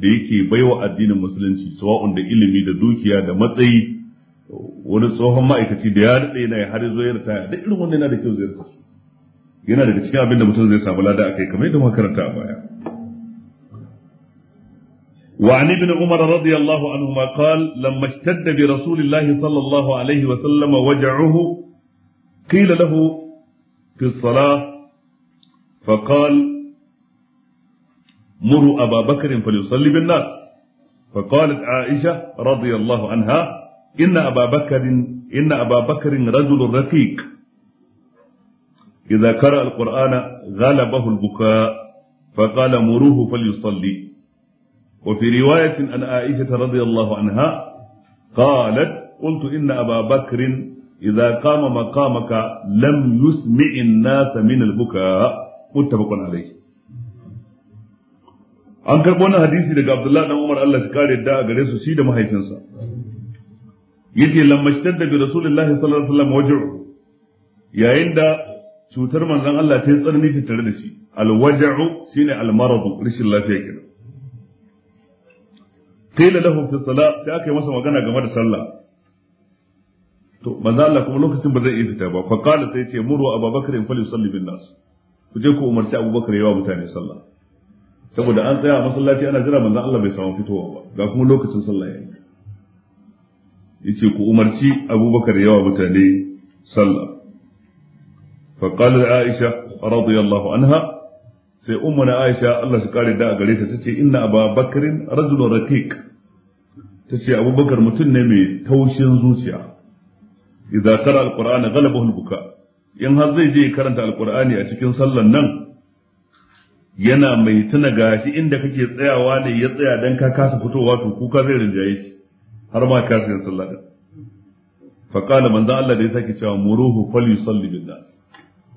da yake baiwa addinin musulunci sawa'un da ilimi da dukiya da matsayi wani tsohon ma'aikaci da ya daɗe yana ya har zo ya ritaya da irin wanda yana da kyau ziyartarsu. su yana daga cikin abin da mutum zai samu lada a kai kamar yadda muka karanta a baya وعن ابن عمر رضي الله عنهما قال لما اشتد برسول الله صلى الله عليه وسلم وجعه قيل له في الصلاة فقال مروا أبا بكر فليصلي بالناس فقالت عائشة رضي الله عنها إن أبا بكر إن أبا بكر رجل رقيق إذا قرأ القرآن غلبه البكاء فقال مروه فليصلي وفي رواية عن عائشة رضي الله عنها قالت قلت إن أبا بكر إذا قام مقامك لم يسمع الناس من البكاء متفق عليه an karɓo wani hadisi daga Abdullahi dan Umar Allah shi kare da gare su shi da mahaifinsa yace lamma shtadda bi Rasulullahi sallallahu alaihi wasallam waj'u yayin da cutar manzon Allah ta yi tsanani ta tare da shi al alwaj'u shine al-Marrabu, almaradu rashin lafiya kenan qila lahum fi salat sai aka yi masa magana game da sallah to manzo Allah kuma lokacin ba zai iya fita ba fa qala sai ce muru abubakar in fali yusalli bin nas ku je ku umarci abubakar ya yi yawa mutane sallah saboda an tsaya a masallaci ana jira manzo Allah bai samu fitowa ba ga kuma lokacin sallah ya yayi yace ku umarci abubakar ya yi yawa mutane sallah fa qala aisha radiyallahu anha sai na aisha Allah su kare da a gare ta tace inna aba bakarin rajulun raqiq tace abubakar mutum ne mai taushin zuciya idza qara alqur'ana ghalabahu albuka in har zai je karanta alqur'ani a cikin sallan nan yana mai tuna gashi inda kake tsayawa ne ya tsaya dan ka kasa fitowa to kuka zai rinjaye shi har ma ka kasa yin sallah din fa qala manzo Allah da ya sake cewa muruhu falyusalli bin nas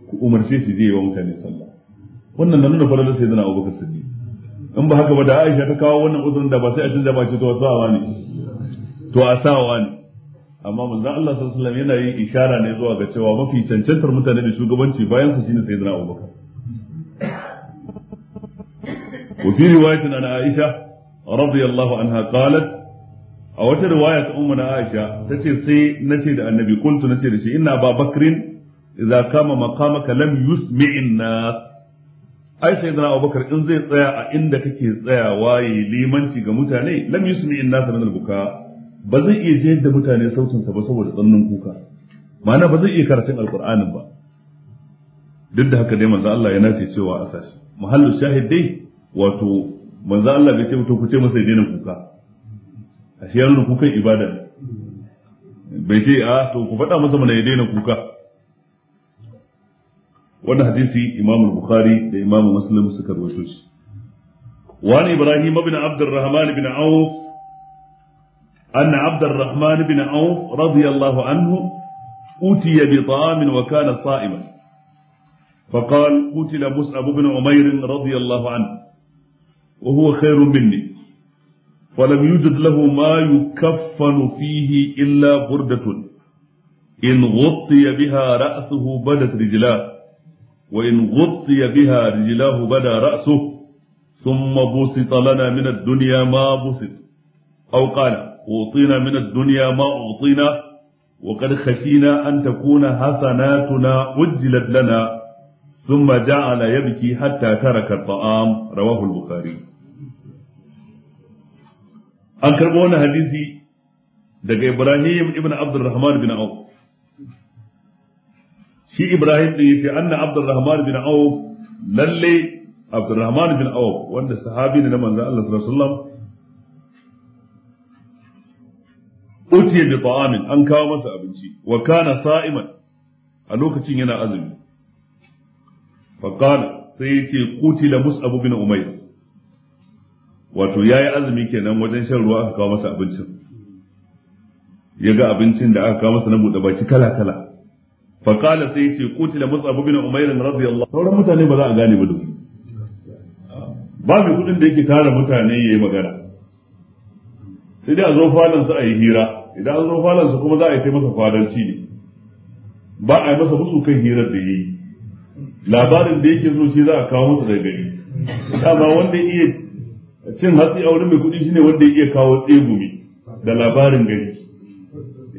ku umarce shi je yi wa mutane sallah wannan nan nuna falalar sayyidina abubakar siddiq in ba haka ba da aisha ta kawo wannan uzurin da ba sai a canza ba ce to a ne to asawa ne amma manzon Allah sallallahu yana yin ishara ne zuwa ga cewa mafi cancantar mutane da shugabanci bayan sa shine sayyidina abubakar wa fi riwayatin ana aisha radiyallahu anha qalat a wata riwaya ta ummu na aisha tace sai nace da annabi kuntu na da shi inna babakrin idza kama maqamaka lam yusmi'in nas ai sai da abubakar in zai tsaya a inda kake tsayawa waye limanci ga mutane lam yusmi in nasa min albuka ba zai iya je da mutane sautin sa ba saboda tsannin kuka ma'ana ba zai iya karatun alqur'anin ba duk da haka dai manzo Allah ya nace cewa a sashi mahallu shahid dai wato manzo Allah bai ce mutum ku ce masa ya daina kuka ashe ya nuna kukan ibada bai ce a ah, to ku faɗa masa mana ya daina kuka wannan hadisi Imam Bukhari da Imam Muslim suka rawaito shi wa ni Ibrahim ibn Abd rahman ibn Auf anna Abd rahman ibn Auf radiyallahu anhu utiya bi أتي بطعام وكان صائما فقال قتل مصعب بن عمير رضي الله عنه وهو خير مني ولم يوجد له ما يكفن فيه إلا بردة إن غطي بها رأسه بدت رجلاه وإن غطي بها رجلاه بدا رأسه ثم بسط لنا من الدنيا ما بسط أو قال أعطينا من الدنيا ما أعطينا وقد خشينا أن تكون حسناتنا أجلت لنا ثم جعل يبكي حتى ترك الطعام رواه البخاري أنكر بونا حديثي دقى إبراهيم ابن عبد الرحمن بن عوف shi Ibrahim din yace anna Abdurrahman bin Auf lalle Abdurrahman bin Auf wanda sahabi ne na manzon Allah sallallahu alaihi wasallam utiya bi ta'amin an kawo masa abinci wa kana sa'iman a lokacin yana azumi fa qala sai yace qutila mus'ab bin umayr wato yayi azumi kenan wajen shan ruwa aka kawo masa abincin ya ga abincin da aka kawo masa na buɗe baki kala kala fa qala sai yace qutila mus'ab bin umair radiyallahu sauran mutane ba za a gane ba duk ba mai kudin da yake tara mutane yayi magana sai dai a zo falon su a yi hira idan an zo falon su kuma za a yi ta masa fadanci ne ba a yi masa musu kan hirar da yayi labarin da yake zo shi za a kawo masa daga gari dama wanda iya cin hatsi a wurin mai kuɗi shine wanda ya iya kawo tsegumi da labarin gari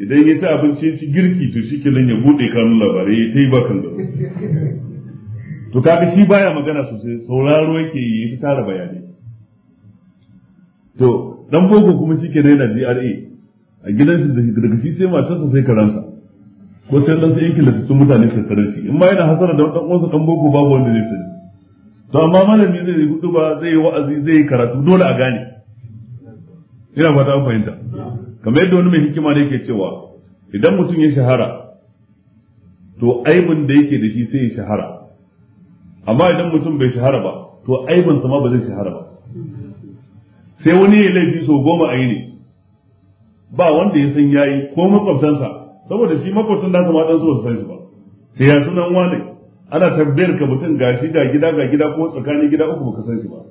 idan ya ci abinci shi girki to shi ke ya bude kanun labarai ya ta yi bakan da su. to kaga shi baya magana sosai sauraro yake yi ta tara bayanai to dan boko kuma shi ke na GRA a gidansa daga shi sai matarsa sai karansa ko sai dan sai yankin latattun mutane sai tarar shi in ma yana hasara da dan uwansa dan boko babu wanda zai sani to amma malami zai yi hudu ba zai yi wa'azi zai yi karatu dole a gane ina fata an fahimta kamar yadda wani mai hikima ne ke cewa idan mutum ya shahara to aibin da yake da shi sai ya shahara amma idan mutum bai shahara ba to aibin ma ba zai shahara ba sai wani ya laifi so goma a yi ne ba wanda ya san yayi ko makwabtansa saboda shi makwabtan nasa ma dan so san shi ba sai ya sunan wani ana tabbiyar ka mutum gashi ga gida ga gida ko tsakanin gida uku ka san shi ba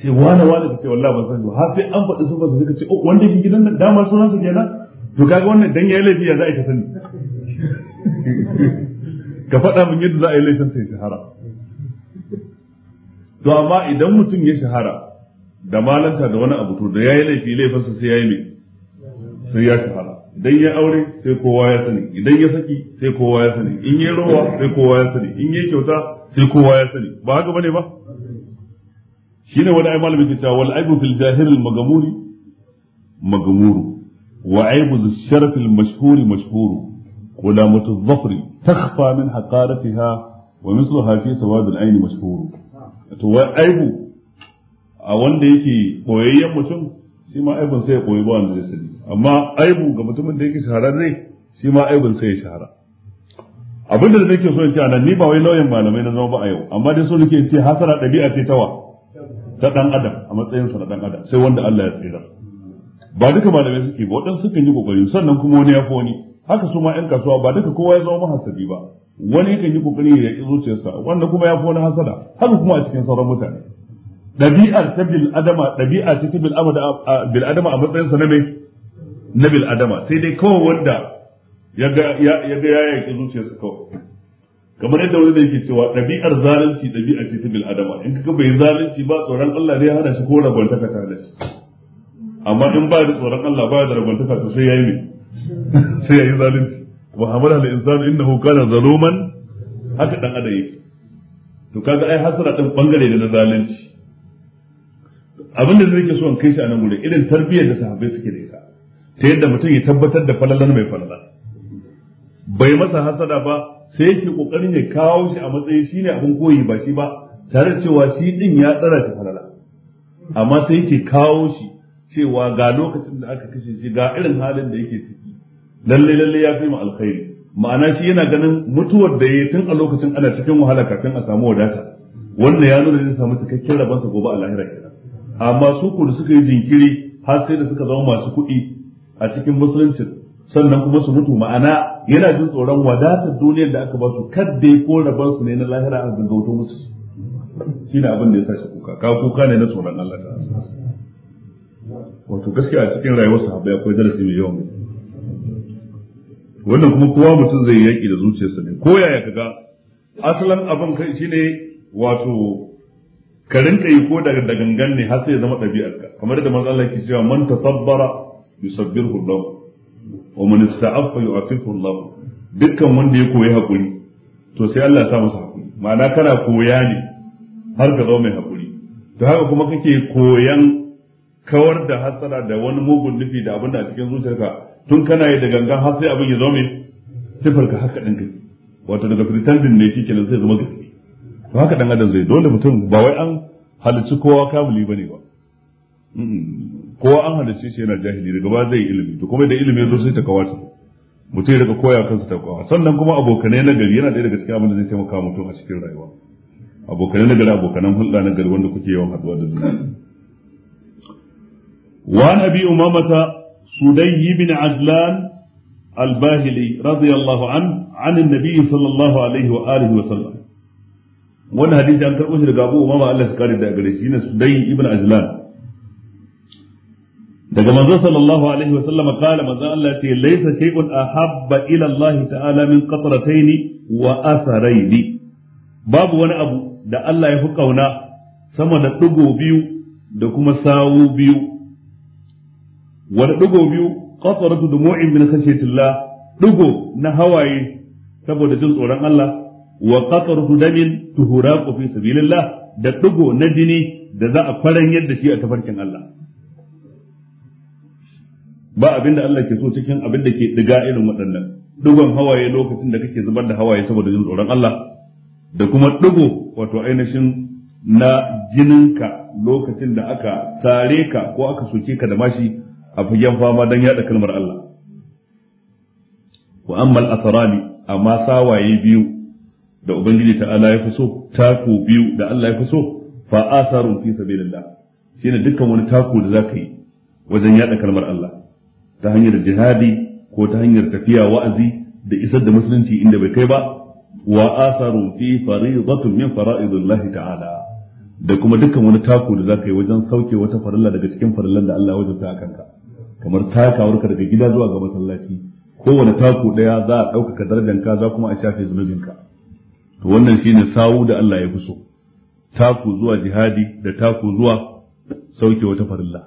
ce wane wane ka ce wallahi ban san shi har sai an faɗi sun fasa suka ce oh wanda yake gidan nan dama sunan su kenan to kaga wannan dan yayi laifi ya za a yi ta sani ka faɗa min yadda za a yi laifin sai shahara to amma idan mutum ya shahara da malanta da wani abu to da yayi laifi sa sai yayi mai sai ya shahara idan ya aure sai kowa ya sani idan ya saki sai kowa ya sani in ya rowa sai kowa ya sani in ya kyauta sai kowa ya sani ba haka bane ba shine wani ai malami ke cewa wal aibu fil jahil al magamuri magamuru wa aibu dhil sharaf al mashhuri mashhuru qulamat al dhafri takhfa min haqaratiha wa misluha fi sawad al ayn mashhuru to wa aibu a wanda yake koyayyen mutum shi ma aibun sai ya koyi ba wanda zai sani amma aibu ga mutumin da yake shahararre shi ma aibun sai ya shahara abin da nake so in ce anan ni ba wai lauyan malamai na zama ba a yau amma dai so nake in ce hasara ɗabi'a ce tawa ta dan adam a matsayin sa na dan adam sai wanda Allah ya tsira ba duka malamai suke ba wadansu sukan yi kokari sannan kuma wani ya fi wani haka su ma 'yan kasuwa ba duka kowa ya zama mahasabi ba wani yakan yi kokari ya yaki zuciyarsa wanda kuma ya fi wani hasada haka kuma a cikin sauran mutane dabi'ar ta bil adama ɗabi'a ce ta bil adama a matsayin sa na me na bil adama sai dai kawai wanda ya ga ya yaki zuciyarsa kawai kamar yadda wani da yake cewa ɗabi'ar zalunci ɗabi'a ce ta bil'adama. in ka bai zalunci ba tsoron Allah ne ya hana shi ko rabantaka ta hana shi amma in ba da tsoron Allah ba da rabantaka to sai yayi me sai yayi zalunci wa hamala al insanu innahu kana zaluman haka dan adam yake to kaga ai hasara din bangare da na zalunci abin da zai so in kai shi a nan gurin irin tarbiyyar da sahabbai suke da ita ta yadda mutum ya tabbatar da falalan mai falala bai masa hasada ba sai yake kokarin ya kawo shi a matsayin shine abin koyi ba shi ba tare da cewa shi din ya tsara shi falala amma sai ke kawo shi cewa ga lokacin da aka kashe shi ga irin halin da yake ciki lalle lalle ya fi mu alkhairi ma'ana shi yana ganin mutuwar da yayi tun a lokacin ana cikin wahala kafin a samu wadata wannan ya nuna zai samu cikakken sa gobe a lahira kenan amma su ku da suka yi jinkiri har sai da suka zama masu kuɗi a cikin musulunci sannan kuma su mutu ma'ana yana jin tsoron wadatar duniyar da aka ba su kadda kora ban su ne na lahira a gaggauto musu Shi na abin da ya sa shi kuka ka kuka ne na tsoron Allah ta wato gaskiya a cikin rayuwar sahabbai akwai darasi mai yawan wannan kuma kowa mutum zai yaki da zuciyarsa ne ko yaya kaga asalan abin kai shine wato ka rinka yi ko da gangan ne har sai ya zama ɗabi'arka kamar da manzo Allah ke cewa man tasabbara yusabbiru Allah wa man ista'affa yu'afifu Allah dukkan wanda ya koyi hakuri to sai Allah ya sa masa hakuri ma'ana kana koya ne har ka zama mai hakuri to haka kuma kake koyan kawar da hasara da wani mugun nufi da abin da a cikin zuciyarka tun kana yi da gangan har sai abin ya zama mai sifar ka haka ɗin wato daga pretendin ne shi kenan sai zama gaske to haka ɗan adam zai dole mutum ba wai an halicci kowa kamuli bane ba kowa an halarci shi yana jahili daga ba zai ilimi to kuma da ilimi ya zo sai ta kawata mutum ya daga koya kansa ta kawa sannan kuma abokanai na gari yana ɗaya daga cikin abin da zai taimaka mutum a cikin rayuwa abokanai na gari abokanan hulɗa na gari wanda kuke yawan haɗuwa da juna وعن أبي أمامة سدي بن عجلان الباهلي رضي الله عنه عن النبي صلى الله عليه وآله وسلم وانا حديث عن كرؤوش لقابو أمامة الله سكاري دا سدي بن عجلان daga manzo sallallahu alaihi wa sallama kala manzo Allah ce laisa shay'un ahabba ila Allah ta'ala min qatrataini wa atharaini babu wani abu da Allah ya fi kauna sama da dugo biyu da kuma sawu biyu wani dugo biyu qatratu dumu'in min khashyatillah dugo na hawaye saboda jin tsoron Allah wa qatratu damin tuhuraqu fi sabilillah da dugo na jini da za a faran yadda shi a tafarkin Allah ba abin da Allah ke so cikin abin da ke diga irin waɗannan Ɗigon hawaye lokacin da kake zubar da hawaye saboda jin tsoron Allah da kuma ɗigo wato ainihin na jinin ka lokacin da aka sare ka ko aka soke ka da mashi a fagen fama don yaɗa kalmar Allah wa ammal asrani amma sawaye biyu da ubangiji ta Allah ya fi so tako biyu da Allah ya fi so fa asarun fi shi shine dukkan wani tako da za ka yi wajen yaɗa kalmar Allah ta hanyar jihadi ko ta hanyar tafiya wa'azi da isar da musulunci inda bai kai ba wa asaru fi fariidatin min fara'idillah ta'ala da kuma dukkan wani taku da zaka yi wajen sauke wata farilla daga cikin farillan da Allah ya wajabta akan ka kamar takawarka daga gida zuwa ga masallaci kowane taku daya za a ɗaukaka darajar ka za kuma a shafe zunubin ka to wannan shine sawu da Allah ya fi so taku zuwa jihadi da taku zuwa sauke wata farilla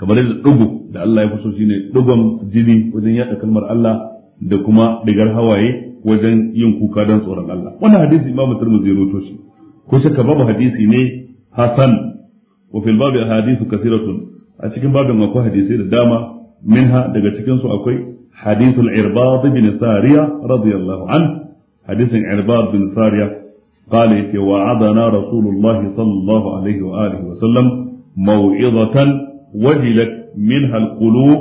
kamar da dugu da Allah ya fi so shine dugon jini wajen yada kalmar Allah da kuma digar hawaye wajen yin kuka don tsoron Allah wannan hadisi imamu tirmidhi rawaito shi ko shakka babu hadisi ne hasan wa fil babu ahadithu kathiratun a cikin babin akwai hadisi da dama minha daga cikin su akwai hadithul irbad bin sariya radiyallahu an hadisin irbad bin sariya قال يتي وعظنا رسول الله صلى الله عليه وآله وسلم موعظة wajilat minha alqulub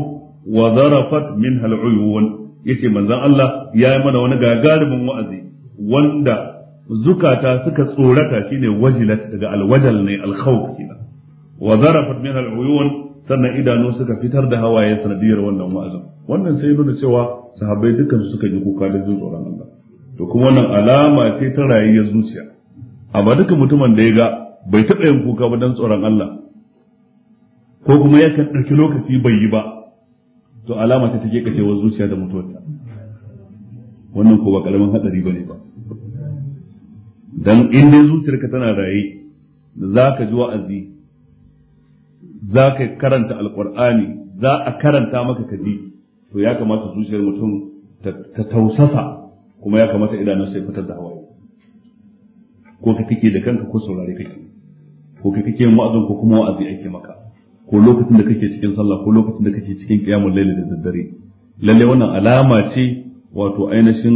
wa zarafat minha aluyun yace manzon Allah ya yi mana wani gagarumin wa'azi wanda zukata suka tsorata shine wajilat daga alwajal ne alkhawf kina wa zarafat minha sannan idanu suka fitar da hawaye sanadiyar wannan wa'azin wannan sai nuna cewa sahabbai dukkan suka yi kuka da tsoron Allah to kuma wannan alama ce ta rayayyar zuciya amma duka mutumin da ya ga bai taɓa yin kuka ba don tsoron Allah ko kuma yakan ɗauki lokaci bai yi ba to alama ce take kashewar zuciya da mutuwarta wannan ko ba karamin hadari bane ba dan inda zuciyarka tana raye za ka ji wa'azi za ka karanta alkur'ani za a karanta maka ka ji to ya kamata zuciyar mutum ta tausasa kuma ya kamata idanunsa ya fitar da hawaye ko ka kike da kanka ko saurare kake ko ka kike yin wa'azin ko kuma wa'azi ake maka ko lokacin da kake cikin sallah ko lokacin da kake cikin kiyamul laili da daddare lalle wannan alama ce wato ainihin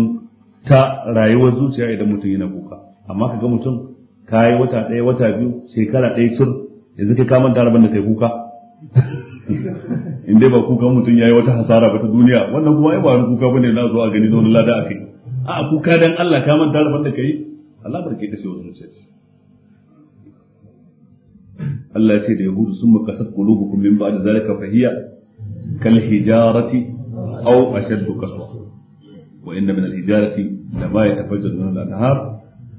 ta rayuwar zuciya idan mutum yana kuka amma kaga mutum kayi wata ɗaya wata biyu shekara ɗaya tur yanzu kai ka manta rabin da kai kuka in dai ba kuka mutum yayi wata hasara ba ta duniya wannan kuma ai ba wani kuka bane na zo a gani da wani lada akai a kuka dan Allah ka manta rabin da kai Allah barke ka ce wannan ce Allah ya ce da yahudu sun makasar qulubukum min ba'd zalika fa hiya kal hijarati aw ashaddu qaswa wa inna min al hijarati lama yatafajjaru min al anhar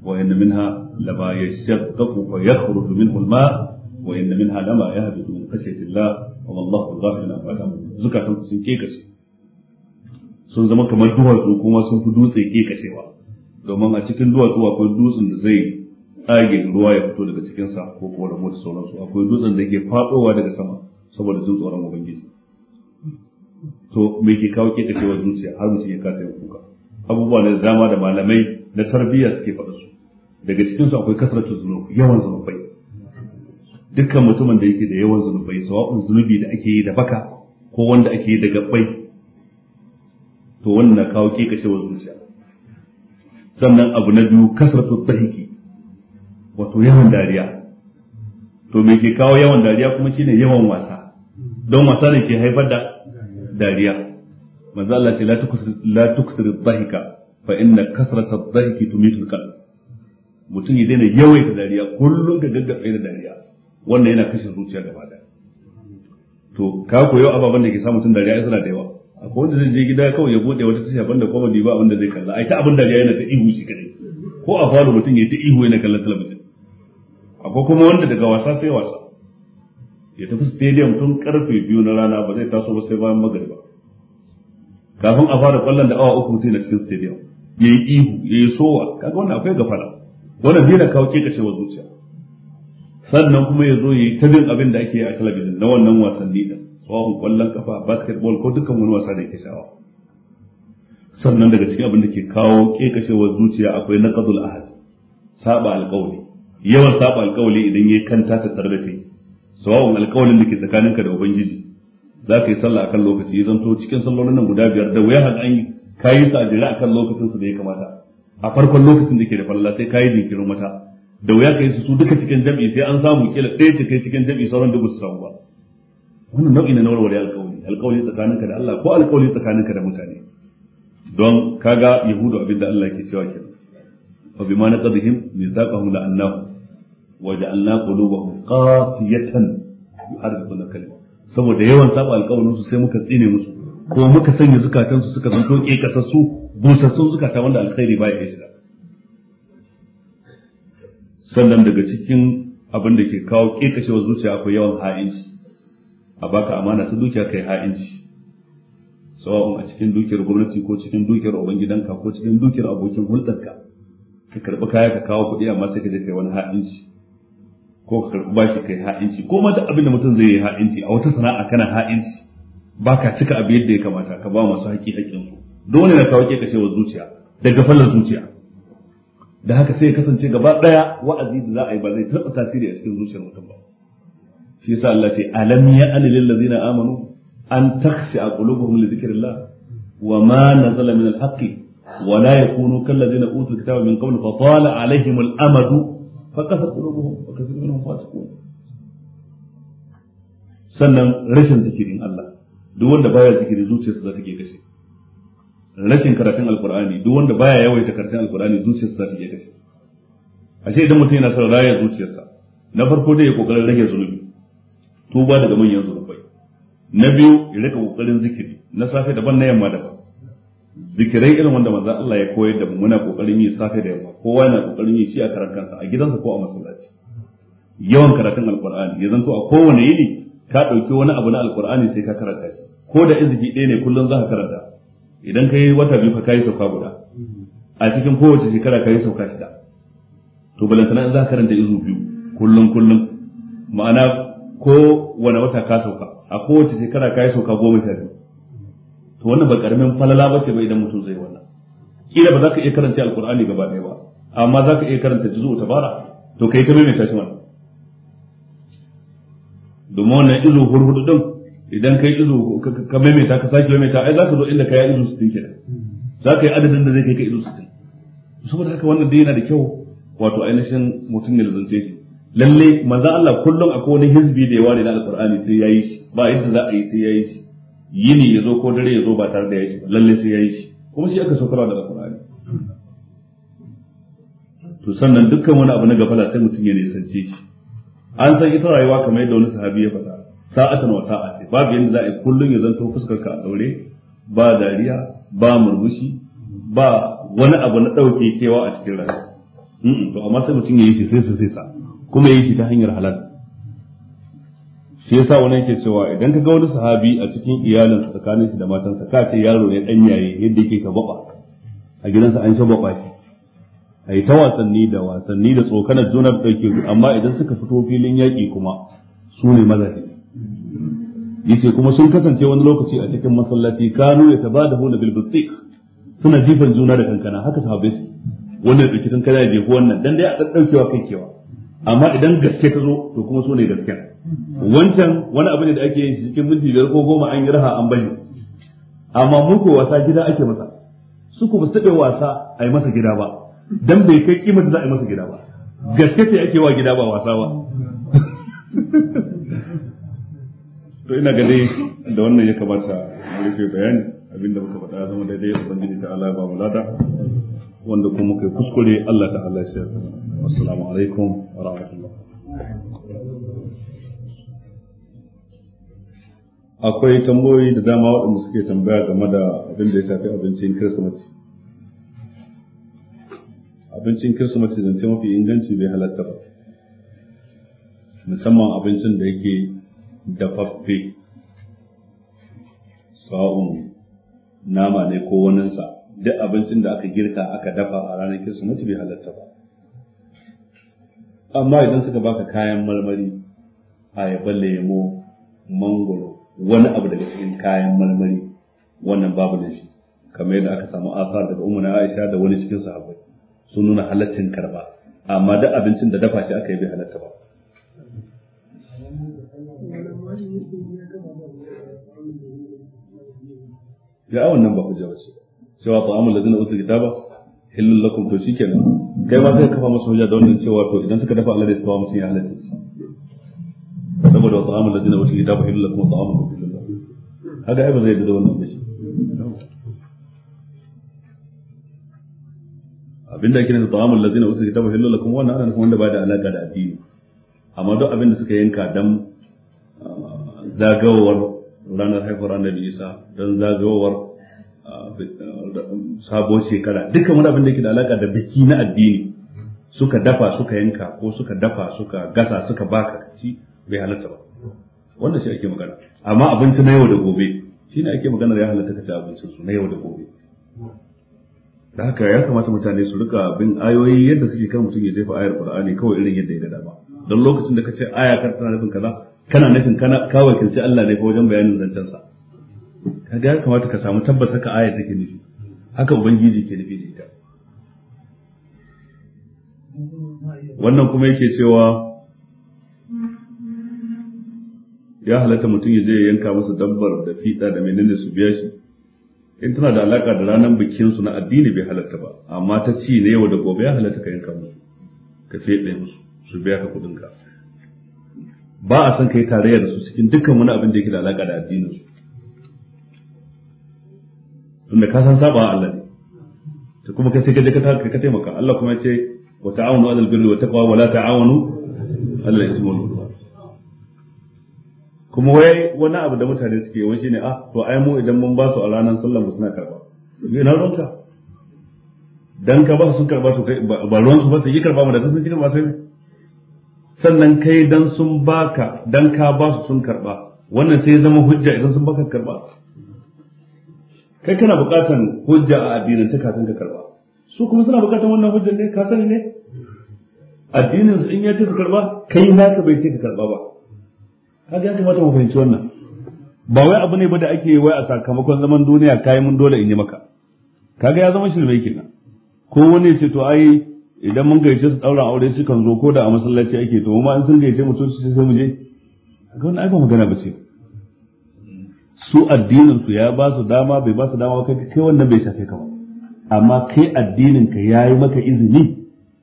wa inna minha lama yashaqqaqu fa yakhruju minhu al ma' wa inna minha lama yahbitu min khashyati Allah wa wallahu ghafilun amma ta'malun zukatan sun kekashe sun zama kamar duwatsu kuma sun fi dutse kekashewa domin a cikin duwatsu akwai dutsen da zai tsage ruwa ya fito daga cikinsa ko koramo da sauransu akwai dutsen da yake fadowa daga sama saboda jin tsoron ubangiji to me ke kawo ke wa zuciya har mutum ya kasa yin kuka abubuwa da dama da malamai na tarbiyya suke faɗa su daga cikin su akwai kasratu zunub yawan zunubai dukkan mutumin da yake da yawan zunubai sawa'un zunubi da ake yi da baka ko wanda ake yi da gabbai to wannan kawo ke wa zuciya sannan abu na biyu kasratu tahiki wato yawan dariya to me ke kawo yawan dariya kuma shine yawan wasa don wasa ne ke haifar da dariya manzo Allah ce la tuksir la tuksir dhahika fa inna kasrata dhahiki tumitu alqalb mutum ya daina yawaita dariya kullum ga gaggabe da dariya wannan yana kashe zuciya gaba da to ka koyo ababen da ke sa tun dariya yana da yawa akwai wanda zai je gida kawai ya bude wata tasha banda kuma bai ba abinda zai kalla ai ta abin dariya yana ta ihu shi kadai ko a falo mutum ya ta ihu yana kallon talabijin akwai kuma wanda daga wasa sai wasa ya tafi stadium tun karfe biyu na rana ba zai taso ba sai bayan magariba kafin a fara kwallon da awa uku mutum na cikin stadium ya yi ihu ya yi sowa kaga wannan akwai gafara wannan zai na kawo wa zuciya sannan kuma ya zo ya yi ta bin abin da ake yi a talabijin na wannan wasanni din tsawon kwallon kafa basketball ko dukkan wani wasa da yake sha'awa sannan daga cikin abin da ke kawo kekacewar zuciya akwai naqdul ahad saba alƙawari yawan saba alkawali idan yayi kanta ta tare da kai sawawan alkawalin da ke tsakaninka da ubangiji za ka yi sallah akan lokaci ya zanto cikin sallolin nan guda biyar da wuya haka an yi kayi sa a jira akan lokacin su da ya kamata a farkon lokacin da ke da falala sai kayi jinkirin wata da wuya ka yi su duka cikin jam'i sai an samu kila ɗaya ce kai cikin jam'i sauran dubu su samu ba wannan nau'i na warware alkawali alkawali tsakaninka da Allah ko alkawali tsakaninka da mutane don kaga yahudu abinda Allah ke cewa kenan wa bima naqadihim mithaqahum la'annahum waja'alna qulubahum qasiyatan yuharrifuna kalima saboda yawan saba alƙawarin su sai muka tsine musu ko muka sanya zukatan su suka zanto kasassu busassun zukata wanda alkhairi baya ya shiga sannan daga cikin abin da ke kawo kashewar zuciya akwai yawan ha'inci a baka amana ta dukiya kai ha'inci sawa'un a cikin dukiyar gwamnati ko cikin dukiyar ubangidanka ko cikin dukiyar abokin hulɗarka ka karɓi kaya ka kawo kuɗi amma sai ka je kai wani ha'inci ko ka karɓi bashi kai ha'inci ko ma duk abin da mutum zai yi ha'inci a wata sana'a kana ha'inci ba ka cika abu yadda ya kamata ka ba masu haƙi haƙinsu. dole na kawo ke kashewar zuciya daga fallar zuciya da haka sai ya kasance gaba ɗaya wa'azi da za a yi ba zai taɓa tasiri a cikin zuciyar mutum ba shi yasa Allah ce alam ya'ani lil ladzina amanu an takhshi a li dhikrillah wa ma nazala min al wa la yakunu kal ladzina utul kitaba min qabl fa tala alaihim al-amadu faƙasa ƙulubuhum wa kafin minhum fasiqun sannan rashin zikirin Allah duk wanda baya zikiri zuciyarsa za ta ke kashe rashin karatun alkur'ani duk wanda baya yawaita karatun alkur'ani zuciyarsa za ta ke kashe ashe idan mutum yana son raya zuciyarsa na farko dai ya kokarin rage zunubi tuba daga manyan zunubai na biyu ya rika kokarin zikiri na safe daban na yamma daban zikirai irin wanda manzo Allah ya koyar da mu muna kokarin yi safe da yamma kowa yana kokarin yi shi a karan kansa a gidansa ko a masallaci yawan karatun alqur'ani ya zanto a kowane yini ka dauki wani abu na alqur'ani sai ka karanta shi ko da iziki ɗaya ne kullum za ka karanta idan ka yi wata biyu ka yi sauka guda a cikin kowace shekara ka yi sauka shida to balantana in za ka karanta izu biyu kullum kullum ma'ana ko wani wata ka sauka a kowace shekara ka yi sauka goma sha biyu to wannan ba karamin falala ba ce ba idan mutum zai wannan kila ba za ka iya karanta alkur'ani gaba ɗaya ba amma za ka iya karanta juzu tabara to kai ka mai tashi wannan domin wannan izu hurhudu din idan kai izu ka maimaita ka sake maimaita ai za ka zo inda ka yi izu sittin kenan za ka yi adadin da zai kai ka izu sittin saboda haka wannan dai yana da kyau wato ainihin mutum ne da zance shi lalle manzo Allah kullum akwai wani hizbi da ya ware na alqur'ani sai yayi shi ba yadda za a yi sai yayi shi yini ya zo ko dare ya zo ba tare da ya shi lalle sai ya yi shi kuma shi aka saukarwa da qurani to sannan dukkan wani abu na gafala sai mutum ya nisance shi an san ita rayuwa kamar yadda wani sahabi ya faɗa sa'atan wa sa'a ce babu yadda za a yi kullum ya zanto fuskar ka a daure ba dariya ba murmushi ba wani abu na ɗauke kewa a cikin rayuwa to amma sai mutum ya yi shi sai sai sai sa kuma ya yi shi ta hanyar halal shi yasa wani yake cewa idan ka ga wani sahabi a cikin iyalinsa tsakanin shi da matansa ka ce yaro ne dan yaye yadda yake shababa a gidansa an shababa shi a yi ta wasanni da wasanni da tsokanar juna da ɗauke amma idan suka fito filin yaƙi kuma su ne mazaje yace kuma sun kasance wani lokaci a cikin masallaci kanu ya tabadahu da hona suna jifan juna da kankana haka sahabbai su wannan ɗauki kankana ya jefi wannan dan dai a ɗaukewa kai kewa amma idan gaske ta zo to kuma su ne gaskiya wancan wani abu ne da ake yin shi cikin minti biyar ko goma an yi raha an baje amma mu ko wasa gida ake masa su ko ba su taɓa wasa a yi masa gida ba dan bai kai kima da za a yi masa gida ba gaske ce ake wa gida ba wasa ba to ina ga dai da wannan ya kamata a rufe bayani abinda muka faɗa zama daidai ubangiji ta Allah ba mu lada wanda kuma muka kuskure Allah ta'ala shi assalamu alaikum wa rahmatullah akwai tambayoyi da dama waɗanda suke tambaya game da abin da ya shafi abincin kirsimati abincin kirsimati ce mafi inganci bai halatta ba musamman abincin da yake dafaffe sa'un nama ne ko waninsa duk abincin da aka girka aka dafa a ranar kirsimati bai halatta ba amma idan suka baka kayan marmari ayaba lemo mangoro wani abu daga cikin kayan marmari wannan babu da shi kamar yadda aka samu afar daga umma na Aisha da wani cikin sahabbai sun nuna halaccin karba amma duk abincin da dafa shi aka yi bai halatta ba ya awon nan ba hujja ba ce cewa ta'amul ladina utul kitaba hillul lakum to shikenan kai ma sai ka kafa masa hujja da wannan cewa to idan suka dafa Allah ne su ba mutum ya halatta saboda ta'amul ladina ta'amul ladina haka ai ba zai da wannan abinda ake nufi ta'amul ladina wannan ana ba da alaka da addini amma duk da suka yanka dan ah, ranar haifar annabi Isa dan zagawowar ah, sabon shekara duka wani abin da da alaka da biki na addini suka dafa suka yanka ko suka dafa suka gasa suka baka ci bai halatta ba wannan shi ake magana amma abinci na yau da gobe shi ne ake magana ya halatta ka ci abincin su na yau da gobe da haka ya kamata mutane su rika bin ayoyi yadda suke kan mutum ya jefa ayar qur'ani kawai irin yadda ya ga dama don lokacin da ka ce aya kan tana nufin kaza kana nufin kana ka wakilci Allah ne fa wajen bayanin zancen sa kaga ya kamata ka samu tabbas haka aya take nufi haka ubangiji ke nufi da ita wannan kuma yake cewa ya halatta mutum ya je ya yanka masa dabbar da fita da menene su biya shi in tana da alaka da ranar bikin su na addini bai halatta ba amma ta ci ne yau da gobe ya halatta ka yanka musu ka fede musu su biya ka kudin ka ba a san kai tarayya da su cikin dukkan wani abin da yake da alaka da addinin su tunda ka san saba Allah ne to kuma kai sai ka je ka taimaka Allah kuma ya ce wa ta'awunu alal birri wa taqwa wa la ta'awunu alal ismi wal kuma wai wani abu da mutane suke shi ne ah to ai mu idan mun ba su a ranar sallar mu suna karba ina ruwanka dan ka ba su sun karba to kai ba ruwan su ba su yi karba mu da sun cikin sai sannan kai dan sun baka dan ka ba su sun karba wannan sai zama hujja idan sun baka karba kai kana bukatan hujja a addinin ka kafin ka karba su kuma suna bukatan wannan hujjar ne ka sani ne addinin su in ya ce su karba kai naka bai ce ka karba ba kaga ka mata mu fahimci wannan ba wai abu ne ba da ake wai a sakamakon zaman duniya kayi mun dole in yi maka kaga ya zama shirme kenan ko wani ya ce to ai idan mun gaice su daura aure su kan zo ko da a masallaci ake to ma in sun gaice mutum su sai mu je ga wannan ai ba magana ba ce su addinin su ya ba su dama bai ba su dama kai kai wannan bai shafe ka ba amma kai addinin ka yayi maka izini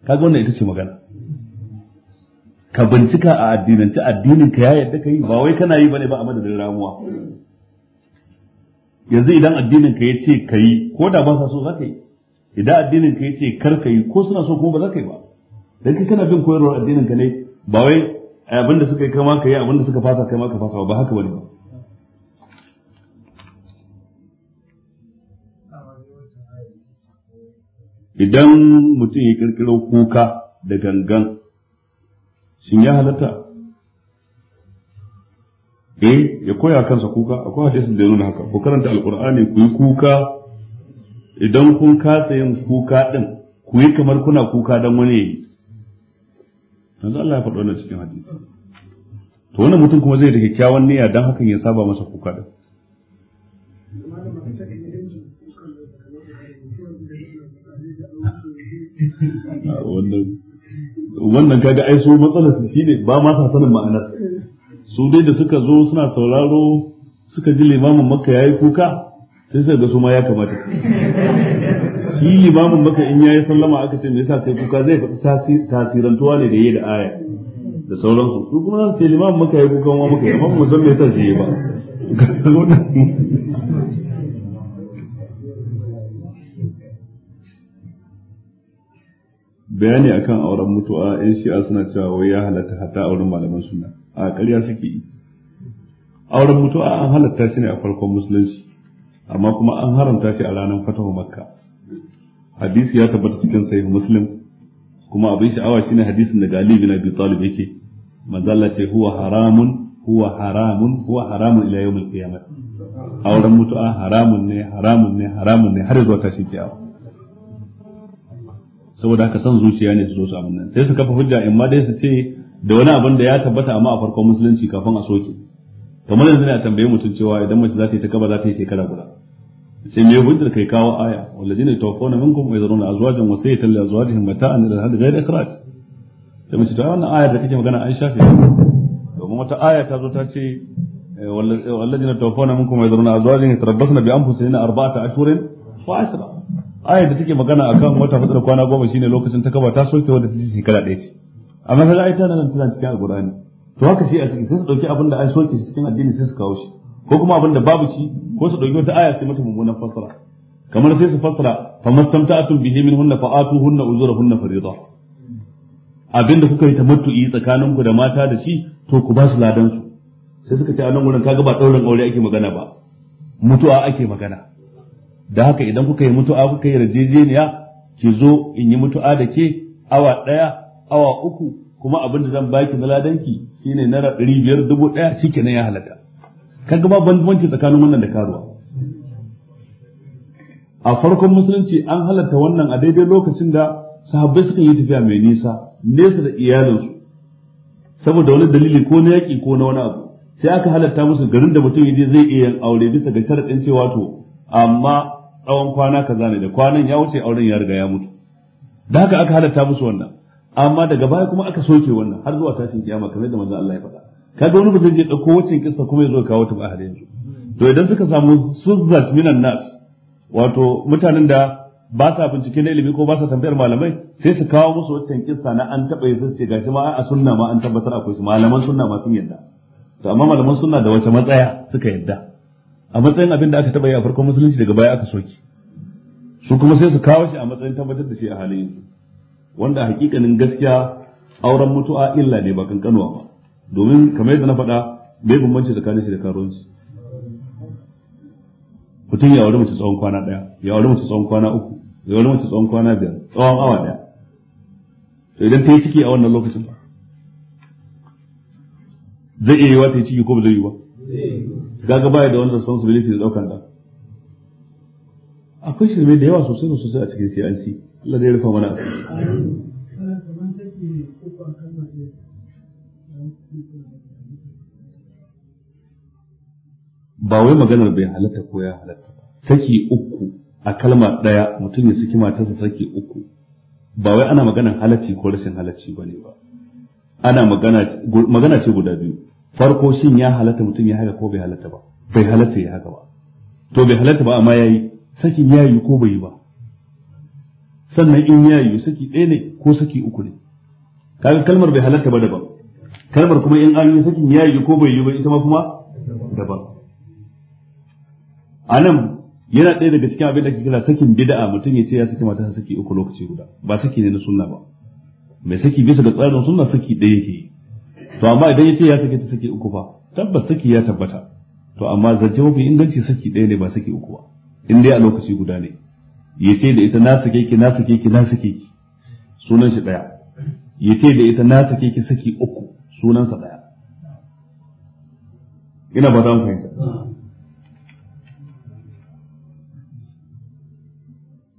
kaga wannan ita ce magana ka bincika a addinance addinin ka ya yadda kai ba wai kana yi bane ba a madadin ramuwa yanzu idan addinin ka yace kai ko da ba sa so zaka yi idan addinin ka yace kar ka yi ko suna so kuma ba zaka yi ba dan kai kana bin koyarwar addinin ka ne ba wai abin da suka yi kama ka yi abin da suka fasa kai ma ka fasa ba haka bane ba idan mutum ya kirkiro kuka da gangan shin ya halatta eh ya koya kansa kuka akwai hadisin da ya nuna haka ku karanta alqur'ani ku yi kuka idan kun kasa yin kuka din ku yi kamar kuna kuka dan wani yayi yanzu Allah ya faɗa wannan cikin hadisi to wannan mutum kuma zai da kyakkyawan niyya dan hakan ya saba masa kuka din ah, wannan wannan kaga ai su matsalar su shine ba ma sa sanin ma'anar mm. su dai da suka zo suna sauraro suka ji limamin makka yayi kuka sai suka ga su ma ya kamata shi limamin maka in yayi sallama aka ce me yasa kai kuka zai faɗi tasirantuwa ne da yayi da aya da sauransu su kuma za su ce limamin maka yayi kuka ma maka amma mu san me yasa shi ba bayani akan auren mutuwa yan shi'a suna cewa wai ya halatta hatta auren malaman suna a ƙarya suke auren mutuwa an halatta shi ne a farkon musulunci amma kuma an haramta shi a ranar fatahu makka hadisi ya tabbata cikin sahih muslim kuma abin sha'awa shine hadisin daga ali bin abi talib yake manzo ce huwa haramun huwa haramun huwa haramun ila al qiyamah auren mutu'a haramun ne haramun ne haramun ne har zuwa tashin kiyama saboda haka son zuciya ne su zo su abin nan sai su kafa hujja in ma dai su ce da wani abin da ya tabbata amma a farkon musulunci kafin a soke kamar yanzu ne a tambaye mutum cewa idan mace za ta yi ta kaba za ta yi shekara guda sai me hujjar kai kawo aya walladina na minkum wa yadhuruna azwajan wa sayyatan li azwajihim mata'an ila hadd ghayr ikhraj sai mace ta wannan aya da kake magana an shafe domin wata aya ta zo ta ce eh, eh, walladina na minkum wa yadhuruna azwajan yatarabbasna bi anfusihinna arba'ata ashhurin wa ashra ayar da take magana a kan wata hudu da kwana goma shine lokacin ta kaba ta soke wanda ta ce shekara ɗaya ce a kaga ai tana nan tana cikin alqur'ani to haka shi a ciki sai su dauki abin da ai soke shi cikin addini sai su kawo shi ko kuma abin da babu shi ko su dauki wata aya sai mata mummunan fassara kamar sai su fassara famastamta'atun bihi minhunna fa'atuhunna uzurahunna fariida da kuka yi tamattu'i tsakaninku da mata da shi to ku ba su ladan su sai suka ce a nan wurin kaga ba daurin aure ake magana ba mutuwa ake magana da haka idan kuka yi mutu'a kuka yi yarjejeniya ki zo in yi mutu'a da ke awa ɗaya awa uku kuma abinda zan baki na ladanki shine naira ɗari biyar dubu ɗaya nan ya halatta kaga ba bambanci tsakanin wannan da karuwa a farkon musulunci an halatta wannan a daidai lokacin da sahabbai sukan yi tafiya mai nisa nesa da iyalinsu saboda wani dalili ko na yaƙi ko na wani abu sai aka halatta musu garin da mutum ya zai iya yin aure bisa ga sharaɗin cewa to amma tsawon kwana ka zane da kwanan ya wuce auren ya riga ya mutu da haka aka halatta musu wannan amma daga baya kuma aka soke wannan har zuwa tashin kiyama kamar da manzo Allah ya faɗa kaga wani bazai zai je dauko wacin kissa kuma ya kawo ta ba yanzu to idan suka samu suzzat minan nas wato mutanen da ba sa bincike na ilimi ko ba sa tambayar malamai sai su kawo musu waccan kissa na an taba yi sai gashi ma a sunna ma an tabbatar akwai su malaman sunna ma sun yadda to amma malaman sunna da wace matsaya suka yadda a matsayin abin da aka taba yi a farkon musulunci daga baya aka soki su kuma sai su kawo shi a matsayin tabbatar da shi a halin yanzu wanda hakikanin gaskiya auren mutu'a illa ne ba kankanuwa ba domin kamar yadda na faɗa bai bambanci tsakanin shi da karuwanci mutum ya aure mace tsawon kwana ɗaya ya aure mace tsawon kwana uku ya aure mace tsawon kwana biyar tsawon awa ɗaya idan ta yi ciki a wannan lokacin ba zai iya yiwa ta yi ciki ko ba zai yi ba gaga baya da wannan responsibility da daukan da akwai shirme da yawa sosai da sosai a cikin CNC Allah zai rufa mana ba wai maganar bai halatta ko ya halatta saki uku a kalma ɗaya mutum ya saki matarsa saki uku ba wai ana maganar halacci ko rashin halacci ba ne ba ana magana ce guda biyu farko shin ya halatta mutum ya haka ko bai halatta ba bai halatta ya haka ba to bai halatta ba amma yayi sakin ya yi ko bai yi ba sannan in ya yi saki ɗaya ne ko saki uku ne kaga kalmar bai halatta ba daban kalmar kuma in an yi sakin ya yi ko bai yi ba ita ma kuma daban anan yana ɗaya daga cikin abin da ake kira sakin bid'a mutum ya ce ya saki mata saki uku lokaci guda ba saki ne na sunna ba mai saki bisa ga tsarin sunna saki ɗaya yake yi to amma idan yace ya sake ta saki uku fa tabbas saki ya tabbata to amma zance mafi inganci saki ɗaya ne ba saki uku ba in dai a lokaci guda ne yace da ita na sake ki na sake ki na sake ki sunan shi ɗaya yace da ita na sake ki saki uku sunansa ɗaya ina ba za mu fahimta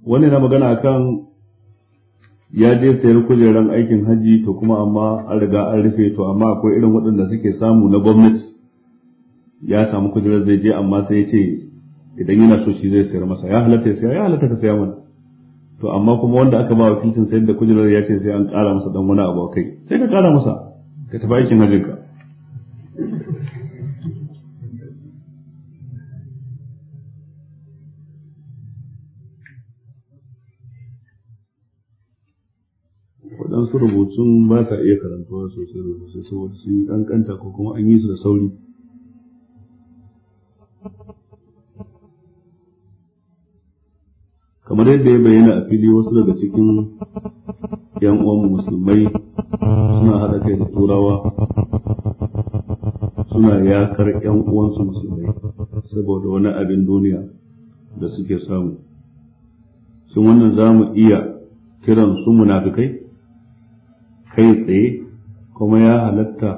wannan na magana akan ya je sayar kujeran aikin haji to kuma amma an riga an rufe to amma akwai irin waɗanda suke samu na gwamnati ya samu kujerar zai je amma sai ya ce idan yana so shi zai sayar masa ya halatta ya saya ya halatta ka saya mana to amma kuma wanda aka ba wakilcin sayar da kujerar ya ce sai an ƙara masa dan wani abu kai sai ka ƙara masa ka tafi aikin hajjinka sun ba sa iya karantuwa sosai da sosai saboda sun yi kankanta ko kuma an yi su da sauri kamar yadda ya bayyana a fili wasu daga cikin yan uwan musulmai suna haɗa kai da turawa suna yakar yan uwansu musulmai saboda wani abin duniya da suke samu shin wannan za mu iya kiran su munafikai kai tsaye kuma ya halatta